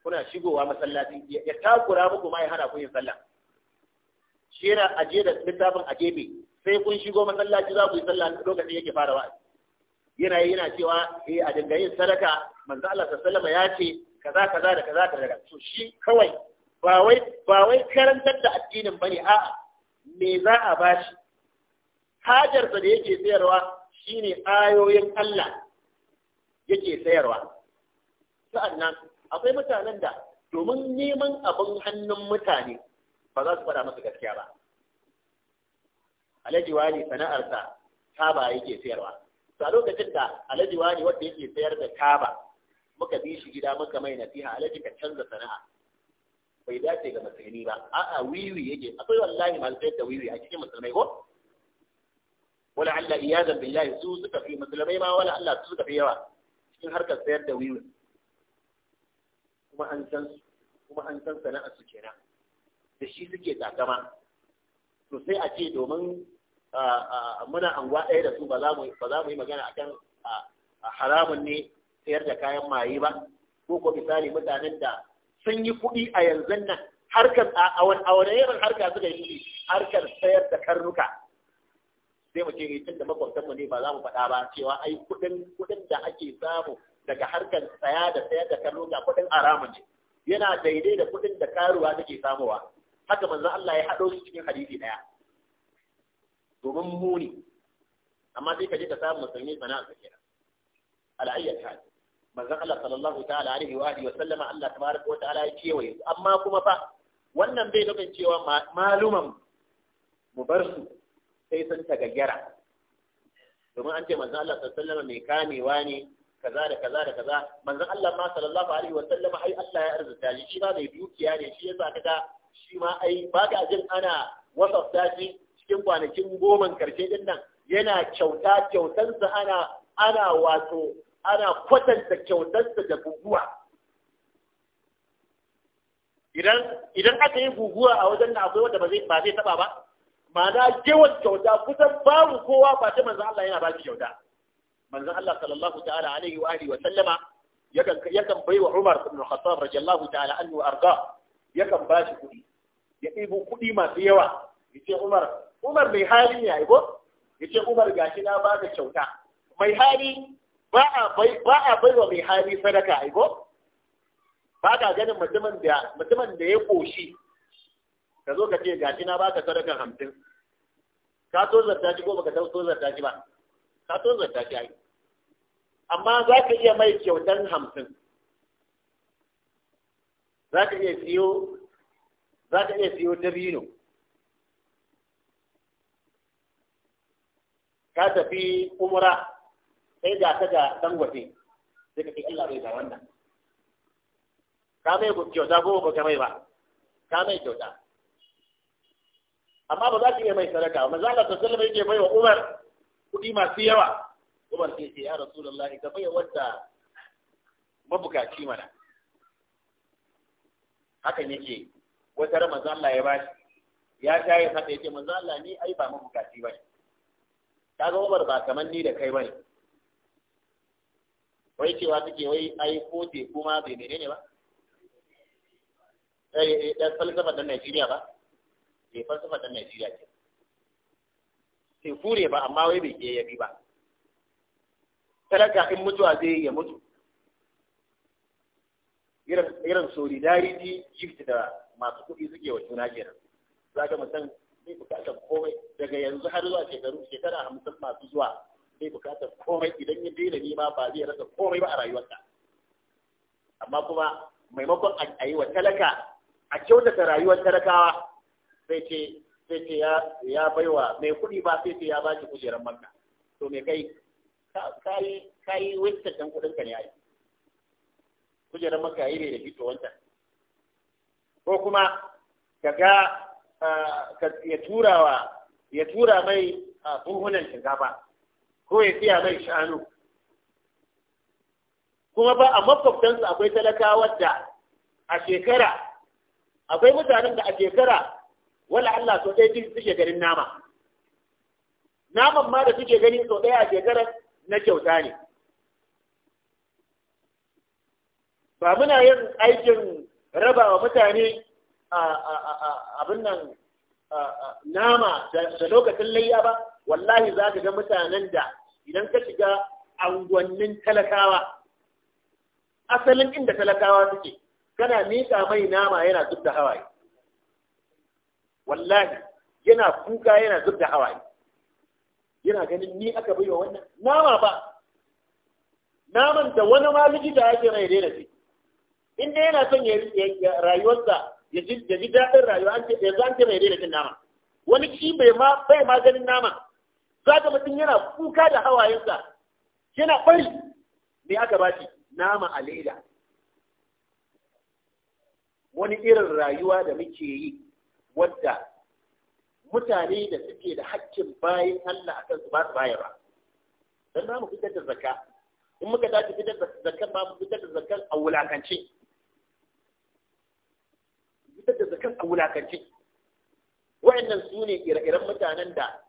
kuna shigowa masallaci ya takura muku ma ya hana ku yin sallah shi yana ajiye da littafin a gefe sai kun shigo masallaci za ku yi sallah lokacin yake fara wa'azi yana yana cewa eh a dinga yin sadaka manzo Allah sallallahu ya ce kaza kaza da kaza kaza to shi kawai ba wai ba wai karantar da addinin bane a'a me za a bashi hajarsa da yake sayarwa shine ayoyin Allah yake sayarwa sa'annan akwai mutanen da domin neman abin hannun mutane ba za su faɗa masa gaskiya ba alhaji wani sana'arsa taba yake sayarwa to a lokacin da alhaji wani wanda yake sayar da taba muka bi shi gida muka mai nasiha alaji ka canza sana'a bai dace ga musulmi ba a'a wiwi yake akwai wallahi sayar da wiwi a cikin musulmai ko wala alla iyadan billahi su suka fi musulmai ma wala Allah su suka fi yawa cikin harkar sayar da wiwi kuma an san su kuma an san sana'ar su kenan da shi suke takama to sai a ce domin muna anguwa ɗaya da su ba za mu yi magana akan haramun ne sayar da kayan maye ba ko ko misali mutanen da sun yi kuɗi a yanzu nan harkar a wani yaran harka suka yi harkar sayar da karnuka sai mu ce eh, tun da makwabtanmu ne ba za mu faɗa ba cewa ai kuɗin da ake samu daga harkar saya da sayar da kallo ga kuɗin aramun ne yana daidai da kuɗin da karuwa take samuwa haka manzo Allah ya hado su cikin hadisi ɗaya domin muni amma sai kaje ka samu musulmi sana'a ta kenan ayyat hal manzo Allah sallallahu ta'ala alaihi wa alihi wa sallama Allah tabaraka wa ta'ala ya ce su amma kuma fa wannan bai nufin cewa maluman mu bar su sai sun tagayyara domin an ce manzo Allah sallallahu alaihi wa sallama mai kamewa ne kaza da kaza da kaza manzon Allah ma sallallahu alaihi wa sallam ai Allah ya arzuta shi shi ma mai dukiya ne shi yasa kaga shi ma ai ba ga jin ana wasafta shi cikin kwanakin goman karshe din nan yana kyauta kyautansa ana ana wato ana kwatanta kyautansa da guguwa idan idan aka yi guguwa a wajen da akwai wanda ba zai ba zai taba ba ma'ana yawan kyauta kusan babu kowa ba ta manzo Allah yana ba shi kyauta manzon Allah sallallahu ta'ala alaihi wa alihi wa sallama yakan yakan baiwa Umar ibn Khattab radiyallahu ta'ala anhu arda yakan ba shi kuɗi ya ɗebo kuɗi masu yawa yace Umar Umar mai hali ne aibo yace Umar gashi na ba da kyauta mai hali ba a bai ba a baiwa mai hali sadaka aibo ba ka ganin mutumin da mutumin da ya koshi ka zo ka ce gashi na ka sadaka hamsin ka so zarta shi ko baka so zarta shi ba ka to zata ta yi amma za ka iya mai kyautan hamsin za ka iya siyo za ka iya siyo dabino ka tafi umra sai ga ta ga dangote sai ka ce Allah bai ga wannan ka mai kyauta ko ba ka mai ba ka mai kyauta amma ba za ka iya mai sadaka ba manzo Allah sallallahu alaihi wasallam yake bai wa Umar kuɗi masu yawa Umar sai ce ya Rasulullah ka bai wanda mabukaci mana hakan yake wata ran manzo Allah ya bashi ya shaye haka yake manzo Allah ni ai ba mabukaci ba Ta ga Umar ba kaman ni da kai bane wai cewa take wai ai ko te kuma bai menene ba eh eh dan eh, falsafa dan Najeriya ba eh falsafa dan Najeriya ce bai fure ba amma wai bai ke yabi ba talaka in mutuwa zai ya mutu irin solidarity gift da masu kuɗi suke wa juna kenan za ka mutum bai bukatar komai daga yanzu har zuwa shekaru shekara hamsin masu zuwa bai bukatar komai idan ya daina nema ba zai rasa komai ba a rayuwarsa amma kuma maimakon a yi wa talaka a kyautata rayuwar talakawa sai ce sai ce ya baiwa mai kuɗi ba sai ce ya ba shi kujerar makka to me kai kai kai wasta ɗan kuɗin ka ne ai kujerar ya yi ne da fito wancan ko kuma ka ga ya turawa ya tura mai buhunan shinkafa ko ya siya mai shanu kuma ba a makwabtansu akwai talakawa da a shekara akwai mutanen da a shekara wala Allah so ɗaya biyu suke ganin nama naman ma da suke gani so ɗaya a shekarar na kyauta ne ba muna yin aikin raba wa mutane abin nan nama da lokacin layya ba wallahi za ka ga mutanen da idan ka shiga angonnin talakawa asalin inda talakawa suke kana miƙa mai nama yana duk da hawaye wallahi yana kuka yana zub da hawaye yana ganin ni aka bai wa wannan nama ba naman da wani ma likita yake rai daina ce in dai yana son rayuwarsa ya ji daɗin rayuwa ya an mai rai daina cin nama wani shi bai ma bai ma ganin nama za ka mutum yana kuka da hawayensa yana bari me aka ba shi nama a leda wani irin rayuwa da muke yi wadda mutane da suke da hakkin bayan Allah a kansu ba su bayarwa don ba mu fitar da zakka in muka dace fitar da zakkan ba mu fitar da zakkan a wulakance fitar da zakkan a wulakance wa'annan su ne ire-iren mutanen da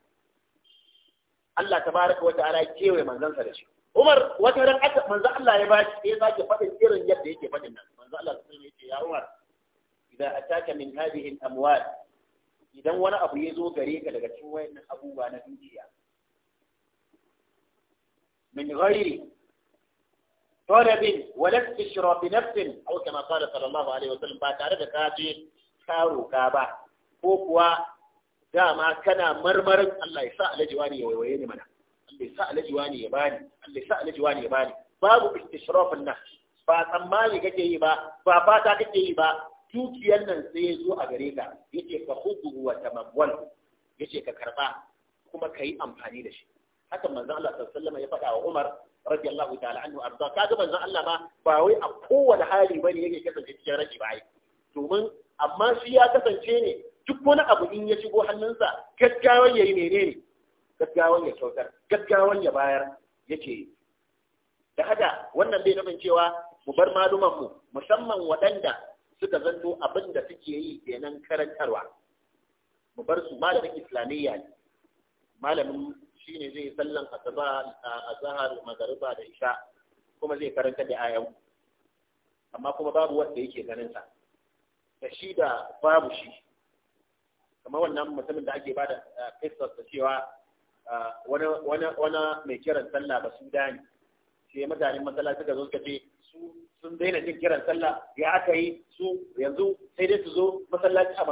Allah tabaraka wa ta'ala ya kewaye manzansa da shi Umar wata ran aka manzo Allah ya ba shi sai zaki faɗin irin yadda yake faɗin nan manzo Allah sai ya ce ya Umar إذا أتاك من هذه الأموال إذا وأنا أبو يزو غريك لك شوى إن أبو وانا بيجيا من غير طلب ولا استشراء بنفس أو كما قال صلى الله عليه وسلم فتعرف كاتي كارو كابا كوكوا dama kana marmarin Allah ya sa alaji wani ya waiwaye ni mana Allah ya sa alaji wani ya bani Allah ya sa alaji wani ya bani babu istishrafin nan ba tsammani kake yi ba ba fata kake yi ba dukiyar nan sai ya zo a gare ka yace ka hudu wa tamamwal ka karba kuma ka yi amfani da shi haka manzan Allah sallallahu ya faɗa wa Umar radiyallahu ta'ala anhu arda ga manzan Allah ma ba wai a kowane hali bane yake kasance cikin rashi ba domin amma shi ya kasance ne duk wani abu in ya shigo hannunsa gaggawan yayi menene gaggawan ya kyautar gaggawan ya bayar yake da haka wannan bai nufin cewa mu bar malumanmu musamman waɗanda suka zanto abin da suke yi kenan karantarwa mu bar su malamin islamiyya ne malamin shi ne zai sallan asaba a zahar magariba da isha kuma zai karanta da ayan amma kuma babu wanda yake ganin sa da shi da babu shi kamar wannan mutumin da ake bada kisar da cewa wani mai kiran sallah ba su dani sai mutanen masallaci suka zo suka ce su sun daina jin kiran sallah ya aka yi su yanzu sai dai su zo masallaci a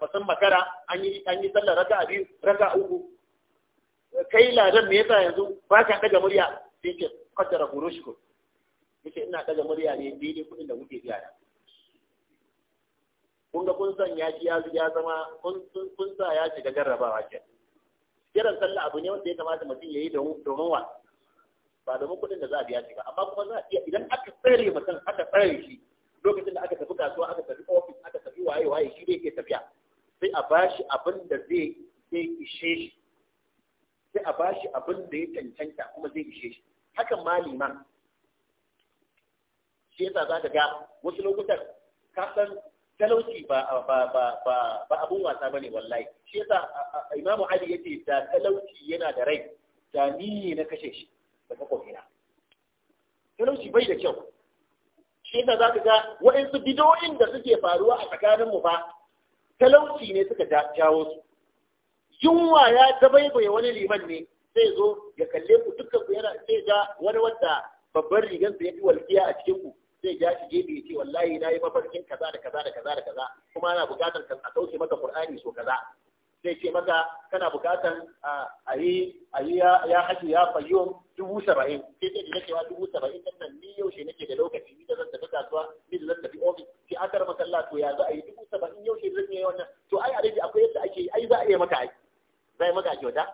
basan makara an yi an yi sallah raka biyu raka uku kai ladan me yasa yanzu ba ka daga murya sai ke kaddara gurushku yake ina daga murya ne daidai kuɗin da kuke biya da. kun ga kun san ya ji ya zama kun kun sa ya shiga jarrabawa ke kiran sallah abu ne wanda ya kamata mutum ya yi domin wa ba domin kuɗin da za a biya shi ba amma kuma za a iya idan aka tsare mutum aka tsare shi lokacin da aka tafi kasuwa aka tafi ofis aka tafi waye waye shi ne ke tafiya sai a bashi abin da zai zai ishe shi sai a bashi abin da ya cancanta kuma zai ishe shi haka malima shi yasa za ka ga wasu lokutan ka san talauci ba ba ba ba ba abun wasa bane wallahi shi yasa imamu ali yace da talauci yana da rai da ni ne na kashe shi daga talauci bai da kyau shi yasa za ka ga waɗansu bidoyin da suke faruwa a tsakaninmu ba talauci ne suka jawo su yunwa ya dabaibaye wani liman ne zai zo ya kalle ku dukkan ku yana sai ga wani wanda babban rigan sa ya fi walƙiya a cikin ku zai ya shi gefe ya ce wallahi na yi mafarkin kaza da kaza da kaza da kaza kuma ana buƙatar ka a sauke maka Qur'ani so kaza sai ce maka kana bukatan a yi ya haji ya fayyum dubu saba'in sai ce da cewa dubu saba'in ɗan nan ni yaushe nake da lokaci ni da zan tafi kasuwa ni da zan tafi ofis sai an karɓa sallah to ya za a yi dubu saba'in yaushe zan yi wannan to ai a rage akwai yadda ake yi ai za a iya maka ai za a maka kyauta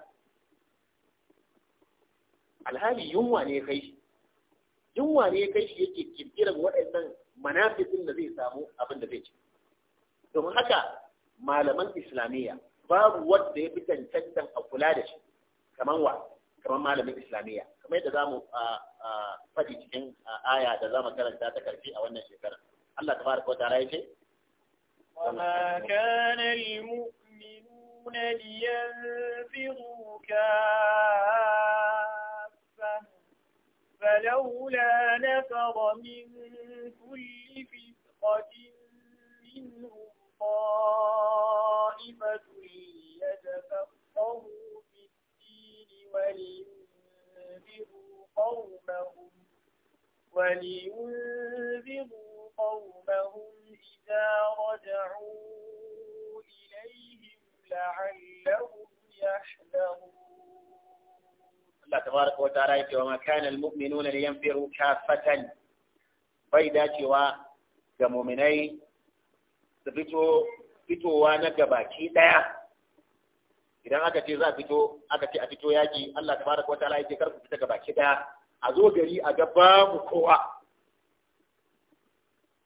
alhali yunwa ne kai shi yunwa ne kai shi yake kirkirar waɗannan manafisin da zai samu abin da zai ci domin haka malaman islamiyya babu wanda ya fi cancantan a kula da shi kamar wa kamar malamin islamiyya kamar yadda za mu faɗi cikin aya da za mu karanta ta karshe a wannan shekarar Allah ta tabaraka wa ta'ala yace وما كان للمؤمنون لينفروا كافة فلولا نفر من كل فرقة منهم طائفة ليتفقهوا في الدين ولينذروا قومهم ولينذروا قومهم إذا رجعوا إليهم لعلهم يحذرون Allah tabaraka wa ta'ala yake wa ma kana almu'minuna liyanfiru bai dacewa ga mu'minai su fitowa na gabaki ɗaya. idan aka ce za a fito aka ce a fito yaki Allah tabaraka wa ta'ala yake kar ku fita gaba ki daya a zo gari a ga babu kowa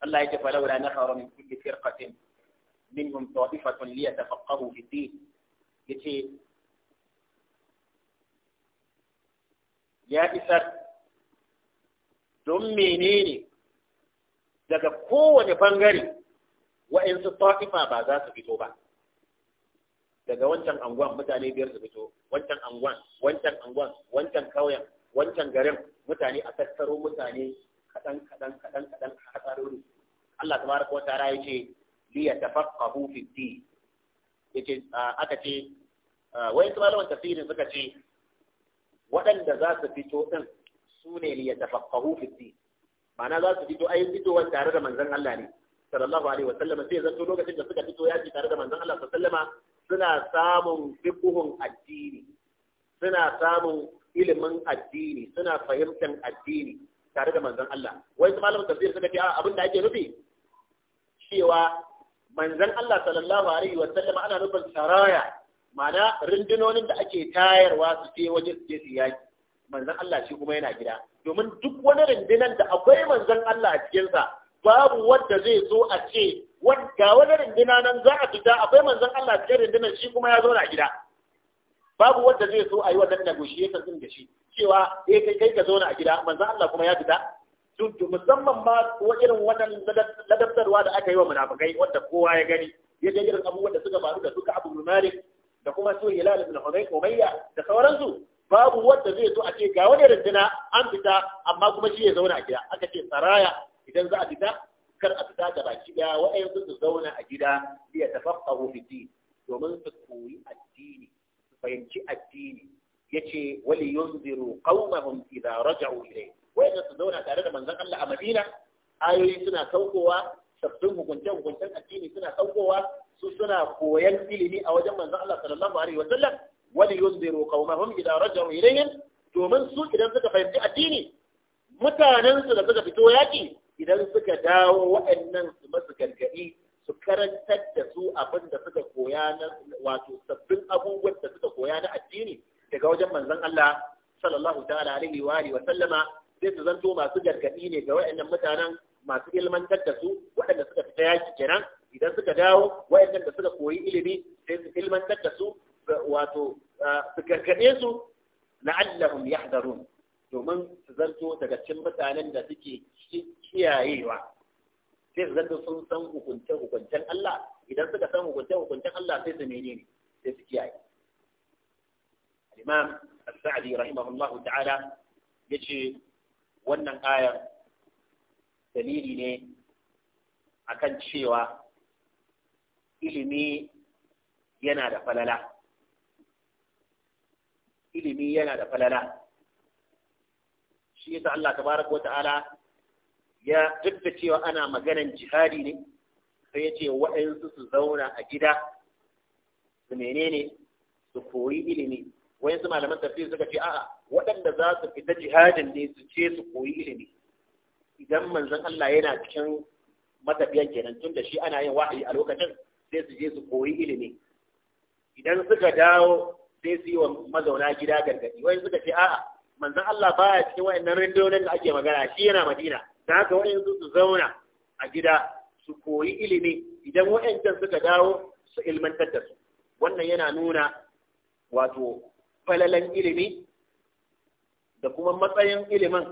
Allah yake fa laula nafaru min kulli firqatin minhum ta'ifatun li yatafaqahu fi din yace ya isar don menene daga kowane bangare su ta'ifa ba za su fito ba daga wancan anguwan mutane biyar su fito wancan anguwan wancan anguwan wancan kauyen wancan garin mutane a tattaro mutane kadan kadan kadan kadan ne Allah tabaraka wa ta'ala yace li yatafaqahu fi din yace aka ce wai su malaman tafsirin suka ce waɗanda za su fito din su ne li yatafaqahu fi din ma'ana za su fito ayin fitowar tare da manzon Allah ne sallallahu alaihi wa sallama sai zanto lokacin da suka fito yaki tare da manzon Allah sallallahu alaihi wa sallama suna samun fiqhun addini suna samun ilimin addini suna fahimtar addini tare da manzon Allah wai malamin tafsir suka ce abin da ake nufi cewa manzon Allah sallallahu alaihi wa sallam ana nufin saraya ma'ana rundunonin da ake tayarwa su ce waje su je su yaki manzon Allah shi kuma yana gida domin duk wani rundunar da akwai manzon Allah a cikinsa babu wanda zai zo a ce ga wani rindina nan za a fita akwai manzon Allah cikin rindina shi kuma ya zauna gida babu wanda zai so a yi wannan negotiation din da shi cewa eh kai kai ka zauna a gida manzon Allah kuma ya fita to musamman ma irin wannan ladabtarwa da aka yi wa munafikai wanda kowa ya gani ya ga irin abubuwan da suka faru da suka Abu Malik da kuma su Hilal ibn Umayya da sauransu babu wanda zai so a ce ga wani rindina an fita amma kuma shi ya zauna a gida aka ce saraya idan za a fita kar a fita da baki daya wa'ayansu su zauna a gida ya tafaqahu fi din domin su koyi addini su fahimci addini yace wali yunziru qaumahum idza raja'u ilayhi wa'ayansu su zauna tare da manzon Allah a Madina ayoyi suna saukowa sabbin hukuncen hukuncen addini suna saukowa su suna koyan ilimi a wajen manzon Allah sallallahu alaihi wa sallam wali yunziru qaumahum idza raja'u ilayhim domin su idan suka fahimci addini mutanen su da suka fito yaki idan suka dawo waɗannan su masu gargaɗi su karantar da su abin da suka koya na wato sabbin abubuwan da suka koya na addini daga wajen manzon Allah sallallahu ta'ala alaihi wa alihi wa sallama sai su zanto masu gargaɗi ne ga waɗannan mutanen masu ilmantar da su waɗanda suka fita yaki kenan idan suka dawo waɗannan da suka koyi ilimi sai su ilmantar da su wato su gargaɗe su la'allahum yahdharun domin su zanto daga cikin mutanen da suke kiyayewa sai su zanta sun san hukunce hukuncen Allah idan suka san hukunce hukuncen Allah sai su menene sai su kiyaye Imam Al-Sa'di rahimahullahu ta'ala yace wannan ayar dalili ne akan cewa ilimi yana da falala ilimi yana da falala shi yasa Allah tabaraka ta'ala ya duk da cewa ana maganan jihadi ne sai ya ce waɗansu su zauna a gida su menene su koyi ilimi waɗansu malaman tafsir suka ce a'a waɗanda za su fita jihadin ne su ce su koyi ilimi idan manzon Allah yana cikin matafiyan kenan tun da shi ana yin wahayi a lokacin sai su je su koyi ilimi idan suka dawo sai su yi wa mazauna gida gargadi wai suka ce a'a manzon Allah baya cikin wayannan rindonin da ake magana shi yana Madina ta haka waɗansu su zauna a gida su koyi ilimi idan waɗancan suka dawo su ilmantar da su wannan yana nuna wato falalan ilimi da kuma matsayin ilimin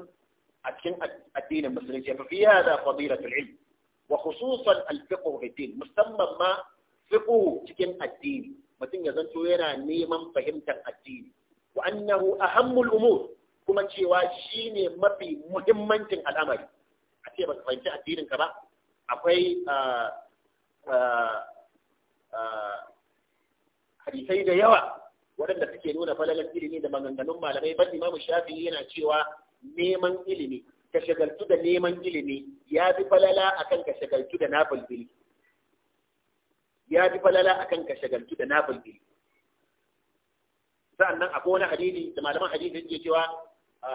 a cikin addinin musulunci fa fi hada fadilatul ilm wa khususan al-fiqh fi musamman ma fiqh cikin addini mutum ya zanto yana neman fahimtar addini wa annahu ahammul umur kuma cewa shine mafi muhimmancin al'amari ce ba ka fahimci addinin ka ba akwai ah, ah, ah, hadisai da yawa waɗanda suke nuna falalar ilimi da maganganun malamai ban imamu shafi'i yana cewa neman ilimi ka shagaltu da neman ilimi ya fi falala akan ka shagaltu da nafilbili ya fi falala akan ka shagaltu da nafilbili sa'annan akwai wani hadisi da malaman hadisi yake cewa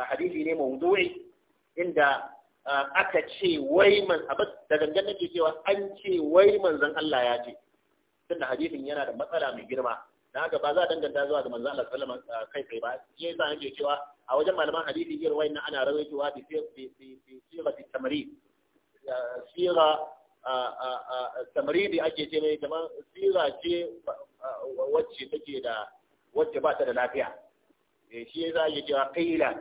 hadisi ne mawdu'i inda Ah, aka ce wai man abin da gangan ke cewa an ce wai manzan Allah ya ce tunda hadisin yana da matsala mai girma na haka ba za a danganta zuwa ga manzan Allah sallallahu alaihi wasallam ah, kai kai ba shi yasa nake cewa a wajen malaman hadisi irin wayannan ana rawaitowa bi bi bi sira fi tamrid ah, sira tamridi ake ce mai kamar sira ce wacce take da wacce ba ta da lafiya eh, shi yasa ake cewa qila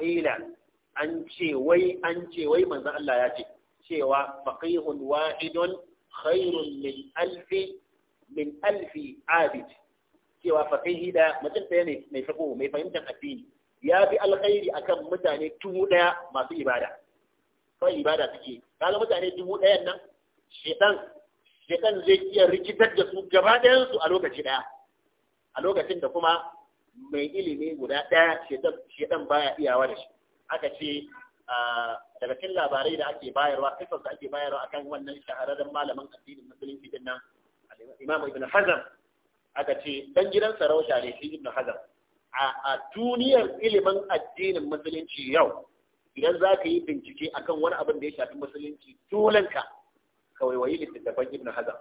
qila an ce wai an ce wai Allah ya ce cewa faqihun wahidun khairun min alfi min alfi abid cewa faqihi da mutum ɗaya ne mai fako mai fahimtar addini ya fi alkhairi akan mutane dubu ɗaya masu ibada kawai ibada suke kala mutane dubu ɗayan nan shedan shedan zai iya rikitar da su gaba su a lokaci ɗaya a lokacin da kuma mai ilimi guda ɗaya shedan baya iyawa da shi aka ce ah, daga cikin labarai da ake bayarwa kasar da ake bayarwa akan wannan shahararren malamin addinin musulunci din nan imamu ibn hazm aka ce dan gidan sarauta ne shi ibn hazm a duniyar ilimin addinin musulunci yau idan za ka yi bincike akan wani abin da ya shafi musulunci dolanka kawai wayi littattafan ibn hazm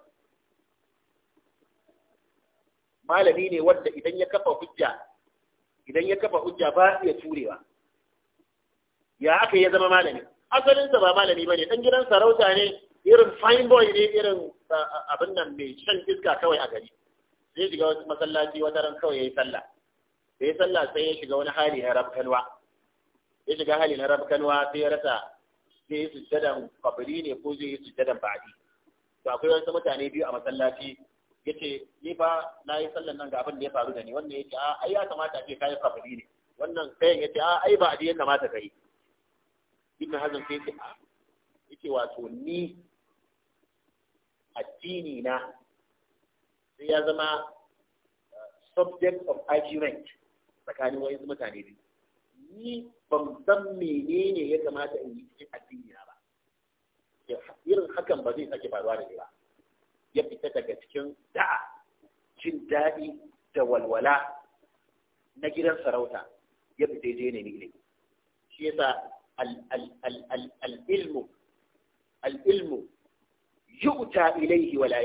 malami ne wanda idan ya kafa hujja idan ya kafa hujja ba iya turewa ya aka ya zama malami asalinsa ba malami ba ne ɗan gidan sarauta ne irin fine boy ne irin abin nan mai shan iska kawai a gari sai shiga wasu masallaci wata ran kawai ya yi sallah sai ya sallah sai ya shiga wani hali na rabkanwa ya shiga hali na rabkanwa sai ya rasa sai yi sujjadan kabiri ne ko zai yi sujjadan baɗi to akwai wasu mutane biyu a masallaci ya ce ni fa na yi sallan nan ga abin da ya faru da ni wannan ya ce a ai ya kamata ce kayan kabiri ne wannan kayan ya ce a ai ba a ji yadda mata ka yi ibn hazm sai ce a ah. wato ni addini na sai ya zama eh, subject of argument tsakanin wasu mutane ne ni ban san menene ya kamata in yi cikin addini na ba irin hakan ba zai sake faruwa da ni ba ya fita daga cikin da'a jin daɗi da walwala na gidan sarauta ya fita je ne ilimi shi yasa al-ilmu ilaihi wala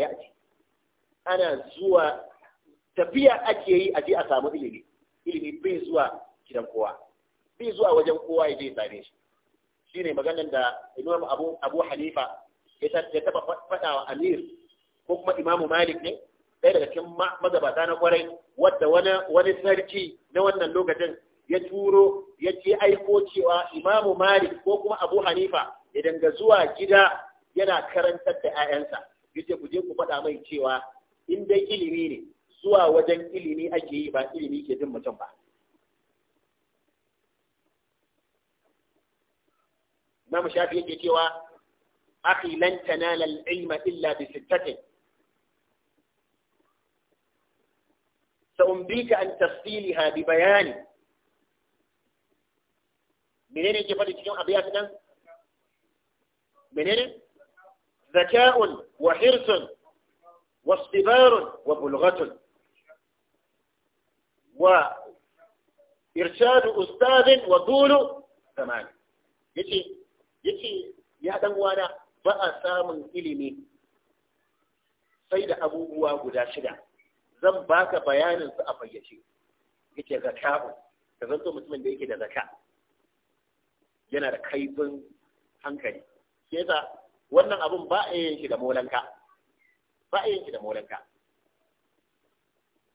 ana zuwa tafiya ake yi a je a samu ilimi ilimi bai zuwa gidan kowa bai zuwa wajen kowa ya je ya same shi shine maganar da Imam Abu Abu Hanifa ya taba faɗawa Amir ko kuma Imam Malik ne ɗaya daga cikin mazabata na kwarai wadda wani sarki na wannan lokacin ya turo ya ce aiko cewa imamu malik ko kuma abu hanifa ya danga zuwa gida yana karantar da 'ya'yansa yace ku je ku faɗa mai cewa in dai ilimi ne zuwa wajen ilimi ake yi ba ilimi ke jin mutum ba Imam Shafi yake cewa akhi lan tanala al-ilma illa bi sittatin an عن bi bayani menene ke faɗi cikin abiyat nan menene zaka'un wa hirsun wa istibarun wa bulghatun wa irshadu ustadin wa dulu zamani yace yace ya dan wada ba a samun ilimi sai da abubuwa guda shida zan baka bayanin su a fayyace yake zaka'u ka zanto mutumin da yake da zaka yana da kaifin hankali Ke yasa wannan abun ba a yin shi da molanka ba a yin shi da molanka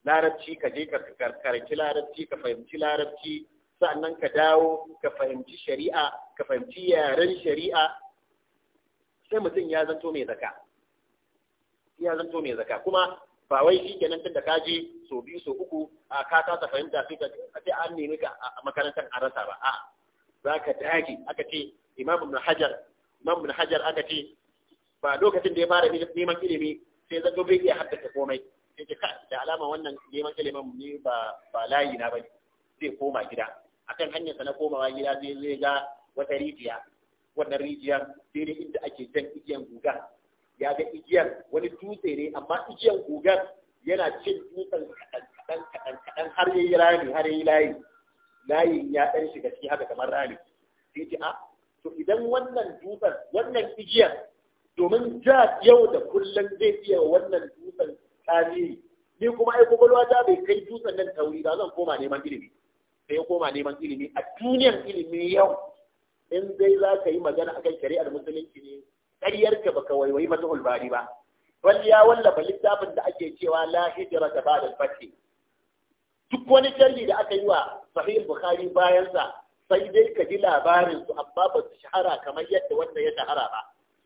larabci ka je ka karanci larabci ka fahimci larabci sa'annan ka dawo ka fahimci shari'a ka fahimci yaren shari'a sai mutum ya zanto mai zaka ya zanto mai zaka kuma ba wai shi kenan tun da ka je so biyu so uku a ka ta fahimta sai ka ce an nemi ka a makarantar an rasa ba a'a za ka dage aka ce imam ibn hajar imam ibn hajar aka ce ba lokacin da ya fara neman ilimi sai zato bai iya haddace komai sai ce da alama wannan neman ilimin ne ba ba layi na bane zai koma gida akan hanyar sa na komawa gida zai zai ga wata rijiya wannan rijiya daidai inda ake jan igiyan guga ya ga igiyan wani dutse ne amma igiyan gugar yana cin dutsen kadan kadan kadan har yayi rami har yayi layi layin ya ɗan shiga ciki haka kamar rani sai ce a ah, to idan wannan dutsen wannan igiyar domin ja yau da kullum zai iya wannan dutsen tasiri ni kuma ai kwakwalwa ta bai kai dutsen nan tauri ba zan koma neman ilimi sai ya koma neman ilimi a duniyar ilimi yau in dai za ka yi magana akan shari'ar musulunci ne ƙaryarka baka waiwayi masu bari ba wani ya wallafa littafin da ake cewa la hijira ta ba da duk wani sharri da aka yi wa sahih bukhari bayan sa sai dai ka ji labarin su amma ba su shahara kamar yadda wanda ya shahara ba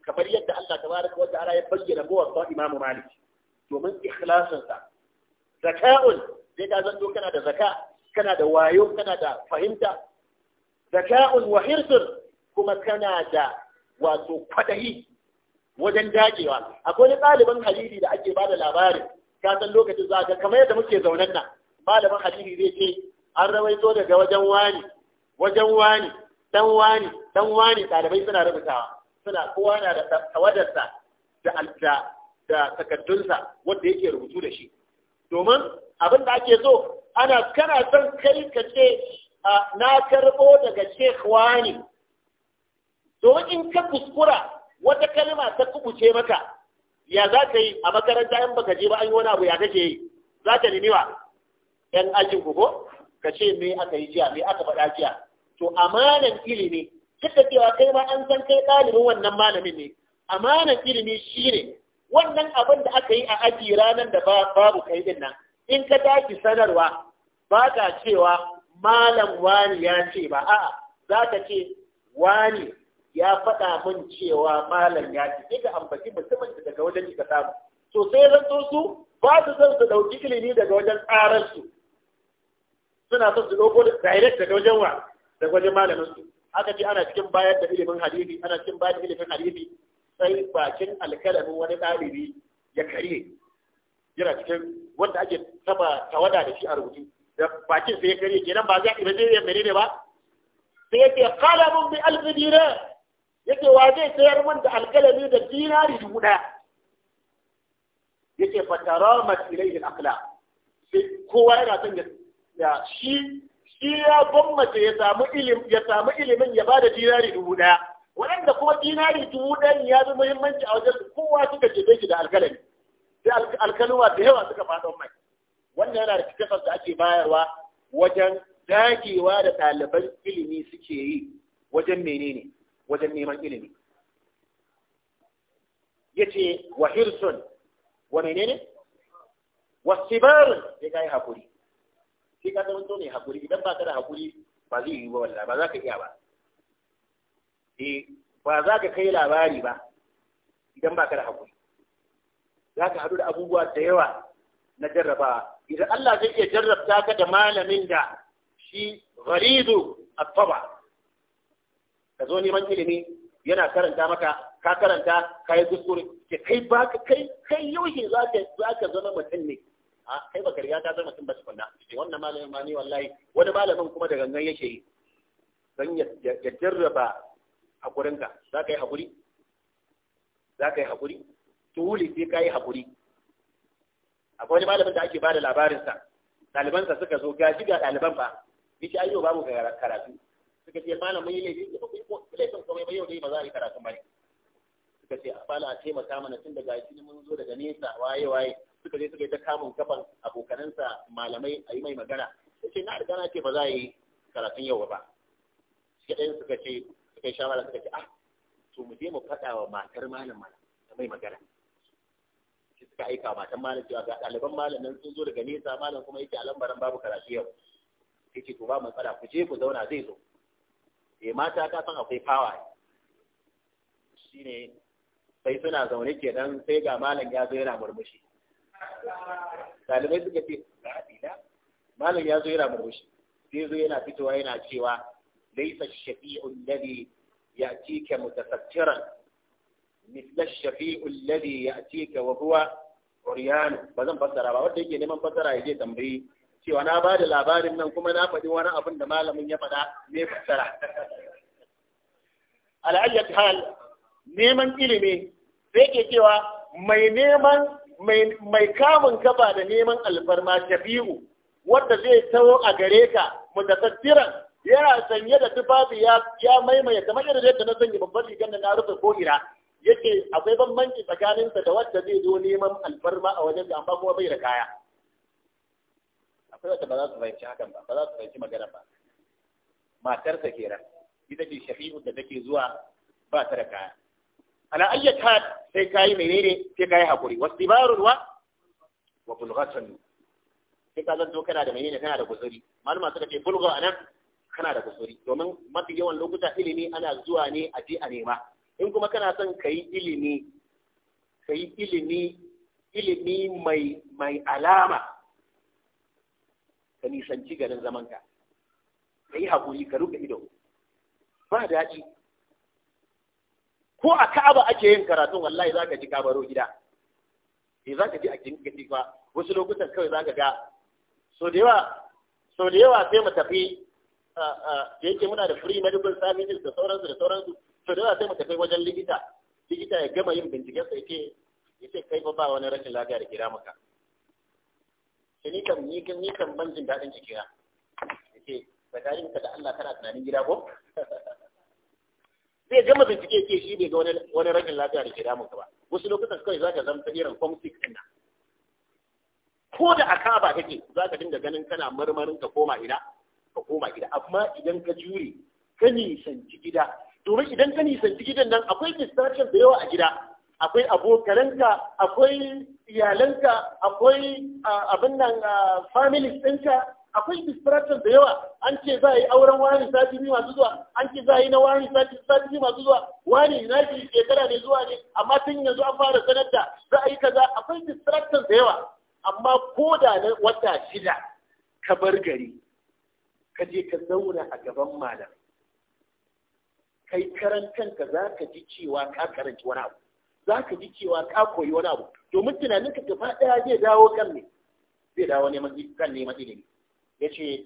kamar yadda Allah tabaraka wa ta'ala ya bayyana muwatta imamu malik domin ikhlasin sa zaka'un sai ka zanto kana da zaka kana da wayo kana da fahimta zaka'un wa hirsun kuma kana da wato kwadahi wajen dagewa akwai wani ɗaliban hadisi da ake bada labarin ka san lokacin za ka kamar yadda muke zaunan nan malamin hadisi zai ce an rawaito daga wajen wani wajen wani dan wani dan wani ɗalibai suna rubutawa suna kowa na da tawadarsa da da takaddunsa wanda yake rubutu da shi domin abin da ake so ana kana son kai ka ce na karbo daga sheikh wani domin in ka kuskura wata kalma ta kubuce maka ya za ka yi a makaranta in baka je ba an yi wani abu ya kake yi za ka nemi wa yan ajin ku ka ce me aka yi jiya me aka faɗa jiya to amanan ilimi duk da cewa kai ma an san kai ɗalibin wannan malamin ne amanan ilimi shine wannan abin da aka yi a aji ranar da babu kai din nan in ka tashi sanarwa ba ka cewa malam wani ya ce ba a'a za ka ce wani ya faɗa min cewa malam ya ce ka ambaci mutumin da daga wajen ka samu to sai zan su ba su son su ɗauki ilimi daga wajen tsararsu. suna son su ɗauko direct daga wajen wa da wajen malamin su aka ce ana cikin bayar da ilimin hadisi ana cikin bayar da ilimin hadisi sai bakin alkalamin wani ɗalibi ya karye yana cikin wanda ake saba tawada da shi a rubutu da bakin sai ya karye kenan ba zai ba zai ne ba sai yake qalamun bi alf dinar yake wa zai sayar min da alkalami da dinari dubu ɗaya yake fataramat ilayhi al-aqla sai kowa yana son ya ya shi shi ya gwammace ya samu ilim ya samu ilimin ya bada dinari dubu daya waɗanda kuma dinari dubu ɗaya ya fi muhimmanci a wajen kowa suka ce shi da alkalami sai alkaluma da yawa suka faɗo mai wannan yana da cikin da ake bayarwa wajen dagewa da ɗaliban ilimi suke yi wajen menene wajen neman ilimi yace wa hirsun wa menene wasibar ya kai hakuri sai ka zama to hakuri idan ba ka da hakuri ba zai yi ba wallahi ba za ka iya ba eh ba za ka kai labari ba idan ba ka da hakuri za ka haɗu da abubuwa da yawa na jarrabawa idan Allah zai iya jarrabta ka da malamin da shi gharidu at-taba ka zo neman ilimi yana karanta maka ka karanta ka yi kuskure kai ba ka kai kai yaushe za ka zama mutum ne a kai baka riga ka zama mutum ba tukunna shi wannan malamin ma ni wallahi wani malamin kuma da gangan yake yi dan ya jarraba hakurinka za ka yi hakuri za ka yi hakuri tuli sai ka yi hakuri akwai wani malamin da ake bada labarinsa Dalibansa suka zo gashi ga ɗaliban ba yace ayyo babu karatu suka ce malamin yi laifi ko ko laifin komai ba yau dai ba za a yi karatu ba ne suka ce a fala a taimaka mana tun daga shi mun zo daga nesa waye waye suka je suka yi ta kamun kafan abokanansa malamai a yi mai magana ya ce na riga na ce ba za a yi karatun yau ba suka ɗayan suka ce suka yi shawara suka ce ah to mu je mu faɗa wa matar malam malam ta mai magana sai suka aika matan malam cewa ga ɗaliban malam nan sun zo daga nesa malam kuma yake a lambaran babu karatu yau ya ce to ba faɗa ku je ku zauna zai zo ya eh, mata ta san akwai fawa ne sai suna zaune kenan sai ga malam ya zo yana murmushi Dalibai suka ce ra'adina malam ya zo yana murmushi sai zo yana fitowa yana cewa laisa shafi'u ya ya'tika mutasattiran mithla shafi'u ya ya'tika wa huwa uryan ba zan fassara ba wanda yake neman fassara ya je tambayi cewa na ba da labarin nan kuma na faɗi wani abin da malamin ya faɗa ne fassara al'ayyar hal neman ilimi sai ke cewa mai neman mai kamun kafa da neman alfarma shafi'u wanda zai taho a gare ka mutasattiran yana sanye da tufafi ya maimaita, kamar irin yadda na sanya babban rigar da na rufe ko ira yake akwai bambanci tsakaninsa da wanda zai zo neman alfarma a wajen da amma kuma bai da kaya akwai wata ba za su fahimci hakan ba ba za su fahimci magana ba matarsa kenan ita ce shafi'u da take zuwa ba ta da kaya ala ayyaka sai kai menene sai kai hakuri wastibarun wa wa bulghatan sai ka zanto kana da menene kana da kusuri malama suka ce bulgha anan kana da kusuri domin mafi yawan lokuta ilimi ana zuwa ne a je a nema in kuma kana son kai ilimi kai ilimi ilimi mai mai alama ka nisanci garin zamanka ka yi haƙuri ka rufe ido ba daɗi ko a Ka'aba ake yin karatun wallahi za ka ji kabaro gida eh za ka ji a gadi ba wasu lokutan kawai za ka ga so da yawa so da yawa sai mu tafi da yake muna da free medical services da sauransu da sauransu so da yawa sai mu tafi wajen likita likita ya gama yin binciken sa yake yace kai fa ba wani rashin lafiya da kira maka sai ni kam ni kam ni kam ban jin dadin jikina yace tsakaninka da Allah kana tunanin gida ko [LAUGHS] sai gama bincike ke shi bai ga wani rashin lafiya da ke damun ka ba wasu lokutan kawai za ka zama ta irin conflict ɗin ko da a kaba kake za ka dinga ganin kana marmarin ka koma gida ka koma gida amma idan ka jure ka nisanci gida domin idan ka nisanci gidan nan akwai distraction da yawa a gida akwai abokananka akwai iyalanka akwai ah, abin nan ah, family ɗinka akwai distraction da yawa an ce za a yi auren wani sati biyu masu zuwa an ce za a yi na wani sati biyu masu zuwa wani na shi shekara ne zuwa ne amma tun yanzu an fara sanar da za a yi kaza akwai distraction da yawa amma ko da na wata shida ka bar gari ka je ka zauna a gaban malam kai karantan ka za ka ji cewa ka karanci wani abu za ka ji cewa ka koyi wani abu domin tunaninka gaba ɗaya zai dawo kan ne zai dawo neman kan neman ilimi yace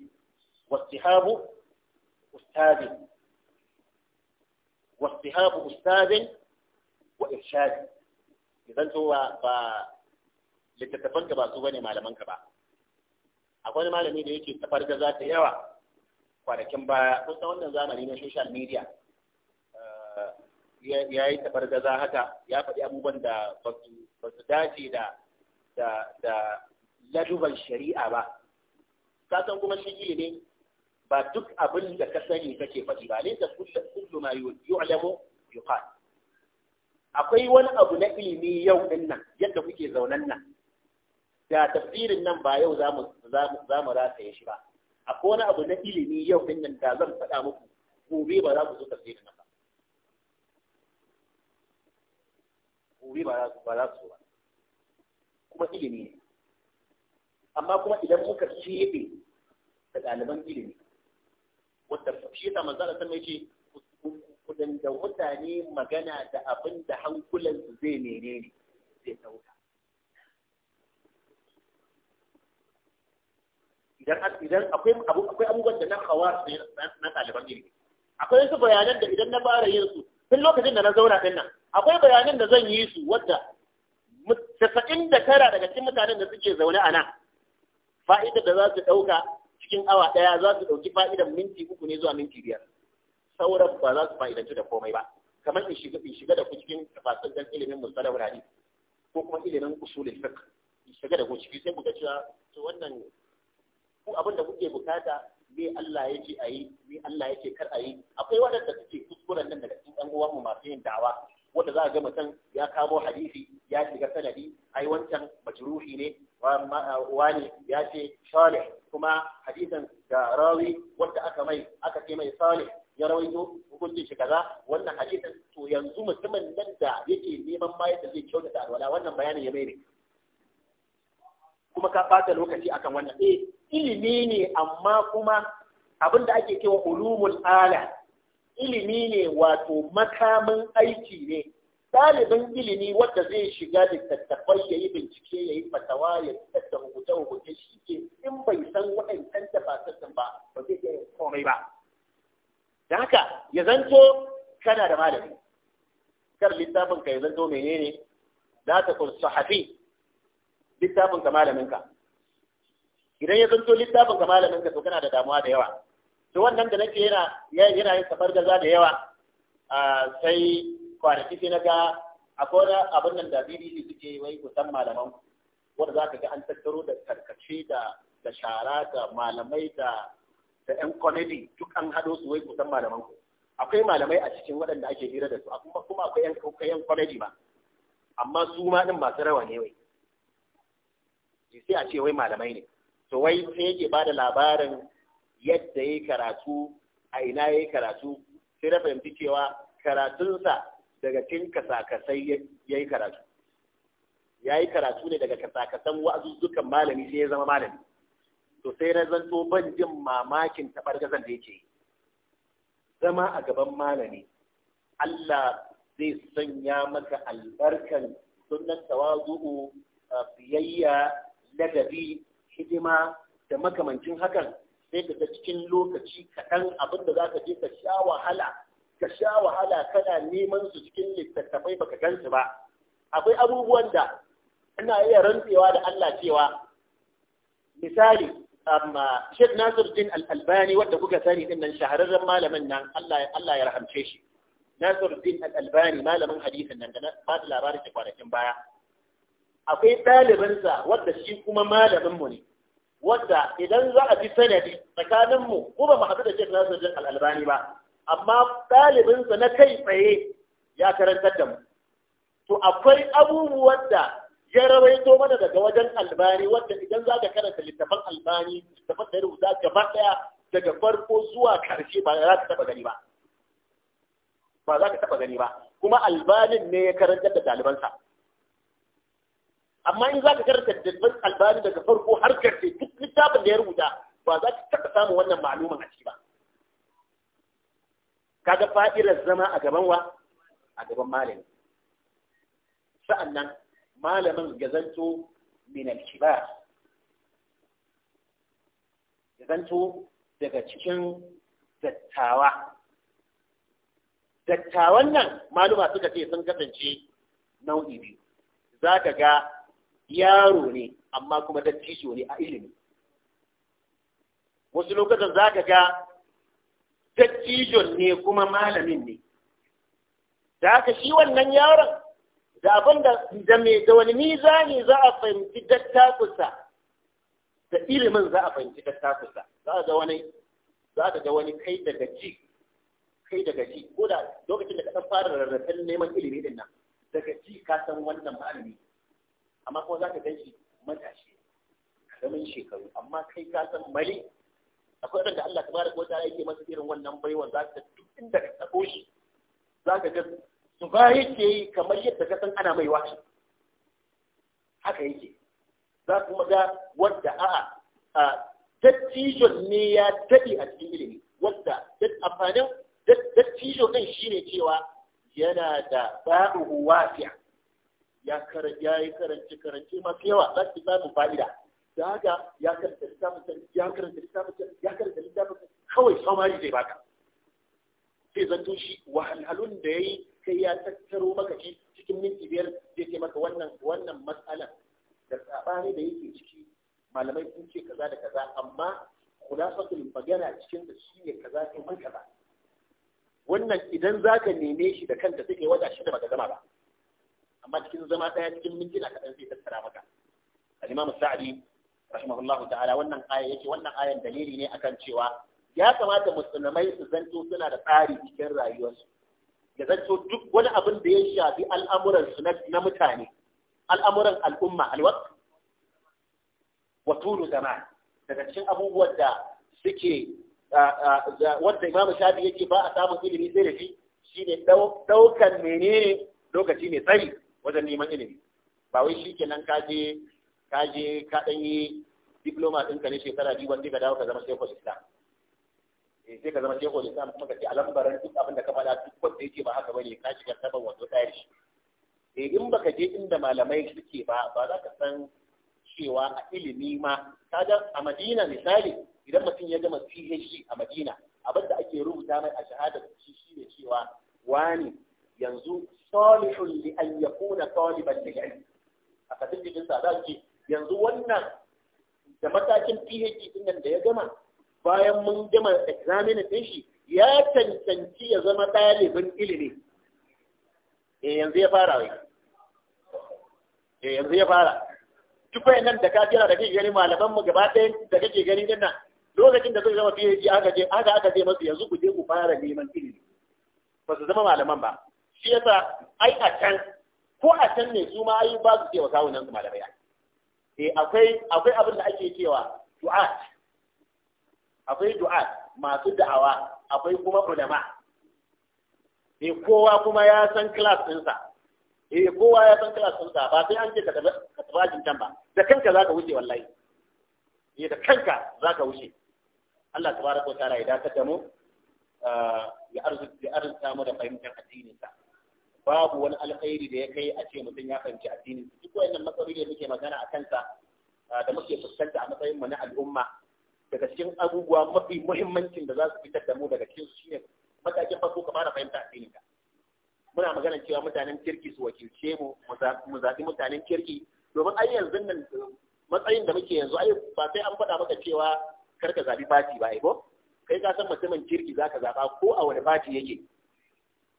wastihabu ustadin wastihabu ustadin wa irshadi idan to ba littattafan ka ba su bane malaman ka ba akwai malami da yake tafar da za ta yawa kwanakin baya kusa wannan zamani na social media eh, ya yi tafar da haka ya faɗi abubuwan da ba su dace da da laduban shari'a ba ka san kuma shi ilimi ba duk abin da ka sani kake faɗi ba ne da kullu ma yu'lamu yuqal akwai wani abu na ilimi yau din nan yadda kuke zaunan nan da tafsirin nan ba yau zamu zamu zamu rataye shi ba akwai wani abu na ilimi yau din nan da zan faɗa muku gobe ba za ku zo tafsirin nan ba gobe ba za ku ba kuma ilimi ne amma kuma idan muka cebe da ɗaliban ilimi wata shi ta manzo ta sai ce ku da mutane magana da abin da hankulansu zai menene zai ɗauka. idan idan akwai abu akwai abubuwan da na hawa na ɗaliban ilimi akwai su bayanan da idan na fara yin su tun lokacin da na zauna din nan akwai bayanan da zan yi su wadda 99 da tara daga cikin mutanen da suke zaune a nan fa'idar da za su ɗauka cikin awa ɗaya za su ɗauki fa'idar minti uku ne zuwa minti biyar sauran ba za su fa'idantu da komai ba kamar in shiga in shiga da ku cikin tafasar ilimin musalahul hadith ko kuma ilimin usulul fiqh in shiga da ku ciki sai ku ga cewa to wannan ku abin da kuke bukata me Allah ya ce ayi me Allah ya ce kar ayi akwai waɗanda suke kuskuren nan daga cikin ɗan uwan mu masu yin dawa wanda za a ga mutum ya kamo hadisi ya shiga sanadi ai wancan majruhi ne wani ya ce salih kuma hadisan da rawi wanda aka mai aka ce mai salih ya rawaito hukuncin shi kaza wannan hadisan to yanzu mutumin nan da yake neman ma yadda zai kyautata alwala wannan bayanin ya mai ne kuma ka fata lokaci akan wannan eh ilimi ne amma kuma abin da ake cewa ulumul ala ilimi ne wato makamin aiki ne ɗaliban ilimi wanda zai shiga littattafai ya yi bincike ya yi fatawa ya tattata rubuce-rubuce shi ke in bai san waɗancan da ba sassan ba ba zai iya komai ba da haka ya zanto kana da malami kar littafin ka ya zanto menene za ta kun sahafi littafin ka malaminka? idan ya zanto littafin ka malaminka to kana da damuwa da yawa to wannan da nake yana yana yin za da yawa sai kwanaki sai na ga akwai abin nan da BBC suke wai kusan malaman wanda za ka ga an tattaro da karkace da da shara da malamai da da yan kwanadi duk an haɗo su wai kusan malaman ku akwai malamai a cikin waɗanda ake hira da su kuma kuma akwai yan yan comedy ba amma su ma ɗin masu rawa ne wai sai a ce wai malamai ne to wai sai yake ba da labarin yadda ya karatu a ina ya karatu sai na fahimci cewa karatunsa daga cikin kasakasai ya yi karatu ya yi karatu ne daga kasakasan wa'azuzzukan malami sai ya zama malami to sai na zanto ban jin mamakin taɓargazan da yake zama a gaban malami Allah zai sanya maka albarkan sunan tawazu, biyayya ladabi hidima da makamancin hakan sai ka cikin lokaci kaɗan abin da za ka je ka sha wahala ka sha wahala kana neman su cikin littattafai baka gansu ba akwai abubuwan da ina iya rantsewa da Allah cewa misali amma um, uh, Sheikh Nasiruddin Al-Albani wanda kuka sani din nan shahararren malamin nan Allah Allah ya rahamce shi Nasiruddin Al-Albani malamin hadisin nan da na ba da labarin shi kwanakin baya akwai ɗalibinsa wanda shi kuma malamin mu ne wanda idan za a bi sanadi tsakanin mu ko ba mu haɗu da Sheikh Nasiruddin Al-Albani ba amma ɗalibinsa na kai tsaye ya karanta da mu to akwai abubuwan da ya rawaito mana daga wajen albani wanda idan za ka karanta littafan albani littafan da ya rubuta gaba ɗaya daga farko zuwa ƙarshe ba za ka taɓa gani ba ba za ka taɓa gani ba kuma albanin ne ya karanta da ɗalibansa amma in za ka karanta littafan albani daga farko har ƙarshe duk littafin da ya rubuta ba za ka taɓa samun wannan malumin a ciki ba kaga fa'idar zama a gaban wa a gaban malami sa'annan malamin gazanto zanto min al-kibar gazanto daga cikin dattawa dattawan nan maluma suka ce sun kasance nau'i biyu za ka ga yaro ne amma kuma dattijo ne a ilimi wasu lokacin za ka ga dattijon ne kuma malamin ne da aka shi wannan yaron da abin da da me da wani mizani za a fahimci dattakusa da ilimin za a fahimci dattakusa za a ga wani za ga wani kai daga ci kai daga ci ko da lokacin da ka fara fara rarrafin neman ilimi din nan daga ci ka san wannan malami amma kuma za ka gan shi matashi karamin shekaru amma kai ka san mali akwai wanda Allah wa wataala yake masa irin wannan baiwa za ka duk inda ka tabo shi za ka ga su ba yake yi kamar yadda ka san ana mai wace? haka yake za kuma ga wadda a'a a dattijon ne ya daɗe a cikin ilimi Wanda amfanin dattijo ɗin ne cewa yana da ba'u wafiya ya yi karanci karanci masu yawa za su samun fa'ida da haka ya karanta littafin ya karanta littafin ya karanta littafin kawai samari zai baka sai zanto shi wahalhalun da yayi kai ya tattaro maka shi cikin minti biyar zai ce maka wannan wannan matsalan da sabani da yake ciki malamai sun ce kaza da kaza amma khulasatul magana cikin da shi ne kaza ko man kaza wannan idan zaka neme shi da kanka sai kai wata shi da baka zama ba amma cikin zama daya cikin mintuna kadan zai tattara maka al-imam sa'di rahimahullahu ta'ala wannan aya yake wannan ayan dalili ne akan cewa ya kamata musulmai su zanto suna da tsari cikin rayuwarsu ya zanto duk wani abin da ya shafi al'amuran su na mutane al'amuran al'umma alwaq wa tulu zaman daga cikin abubuwan da suke wanda imamu shafi yake ba a samun ilimi sai da shi shine daukan menene lokaci mai tsari wajen neman ilimi ba wai shi kenan ka je ka je ka dan yi diploma ka ne shekara biyu wanda ka dawo ka zama shekul islam eh, sai ka zama shekul islam kuma ka ce alambaran duk abin da ka faɗa duk wanda yake ba haka bane ka shiga saban wato tsari eh, in baka je inda malamai suke ba ba za ka san cewa a ilimi ma kaga a Madina misali idan mutum ya gama PhD a Madina abin da ake rubuta mai a shahada shi shine cewa wani yanzu salihun li an yakuna taliban lil ilm a katin jikin sa za ki yanzu wannan da matakin PhD din nan da ya gama bayan mun gama examine din shi ya cancanci ya zama ɗalibin ilimi eh yanzu ya fara wai eh yanzu ya fara duk nan da ka jira da kake gani malaman mu gaba ɗaya da kake gani din nan lokacin da zai zama PhD aka je aka aka je masu yanzu ku je ku fara neman ilimi ba su zama malaman ba shi yasa ai a can ko a can ne su ma ai ba su ce wa kawunan su malamai eh akwai akwai abin da ake cewa du'at akwai du'at masu da'awa akwai kuma ulama eh kowa kuma ya san class ɗinsa eh kowa ya san class ɗinsa ba sai an ce ka tafi ajin can ba da kanka zaka wuce wallahi eh da kanka zaka wuce Allah tabaraka wa ta'ala ya dakatar mu eh, ya arzuta mu da fahimtar addinin sa babu wani alkhairi da ya kai a ce mutum ya fahimci addinin duk wayannan matsaloli da muke magana a kansa da muke fuskanta a matsayin mu na al'umma daga cikin abubuwa mafi muhimmancin da za su fitar da mu daga cikin su shine matakin farko ka fara fahimta addinin ka muna magana cewa mutanen kirki su wakilce mu mu zaɓi mutanen kirki domin ai yanzu nan matsayin da muke yanzu ai ba sai an faɗa maka cewa kar ka zaɓi fati ba ai ko kai ka san mutumin kirki za ka zaɓa ko a wani fati yake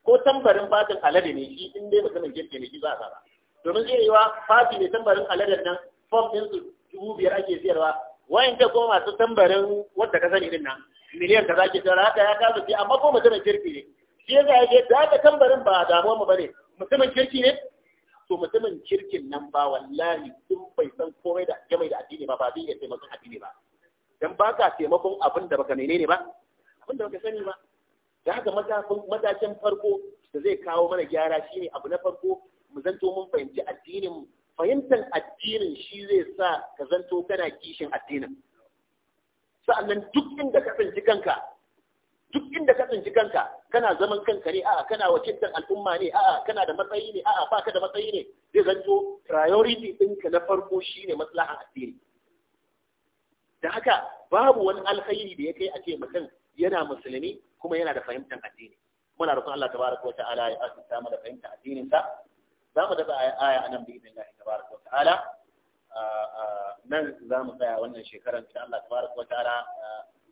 ko tambarin fatin alade ne shi in dai mutumin kirki ne shi za a sara domin zai yi wa fati ne tambarin alade nan fom ɗin su dubu biyar ake siyarwa wayan ta kuma masu tambarin wadda ka sani din nan miliyan ka zaki tsara haka ya kasu ce amma ko mutumin kirki ne shi yasa ce da haka tambarin ba damuwa mu bane mutumin kirki ne to mutumin kirkin nan ba wallahi sun bai san komai da mai da addini ba ba zai iya taimakon addini ba dan ba ka taimakon abin da baka menene ba abin da baka sani ba da haka matakin farko da zai kawo mana gyara shine abu na farko mu zanto mun fahimci addinin fahimtar addinin shi zai sa ka zanto kana kishin addinin sa'annan duk inda ka tsinci kanka duk inda ka tsinci kanka kana zaman kanka ne a'a kana wakiltar al'umma ne a'a kana da matsayi ne a'a baka da matsayi ne zai zanto priority ɗinka na farko shine maslahar addini da haka babu wani alkhairi da ya kai a ce mutum yana musulmi kuma yana da fahimtar addini muna roƙon Allah tabaraka wa ta'ala ya asusta mu da fahimtar addinin sa za mu daba aya anan bi idin Allah tabaraka wa ta'ala nan za mu tsaya wannan shekarar insha Allah tabaraka wa ta'ala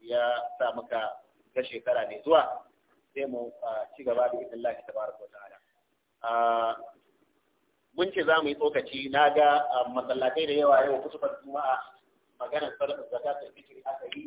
ya sa muka ga shekara ne zuwa sai mu ci gaba da idin Allah tabaraka wa ta'ala mun ce za mu yi tsokaci na ga masallatai da yawa yau kusa juma'a maganar sadaka zakatul fitri aka yi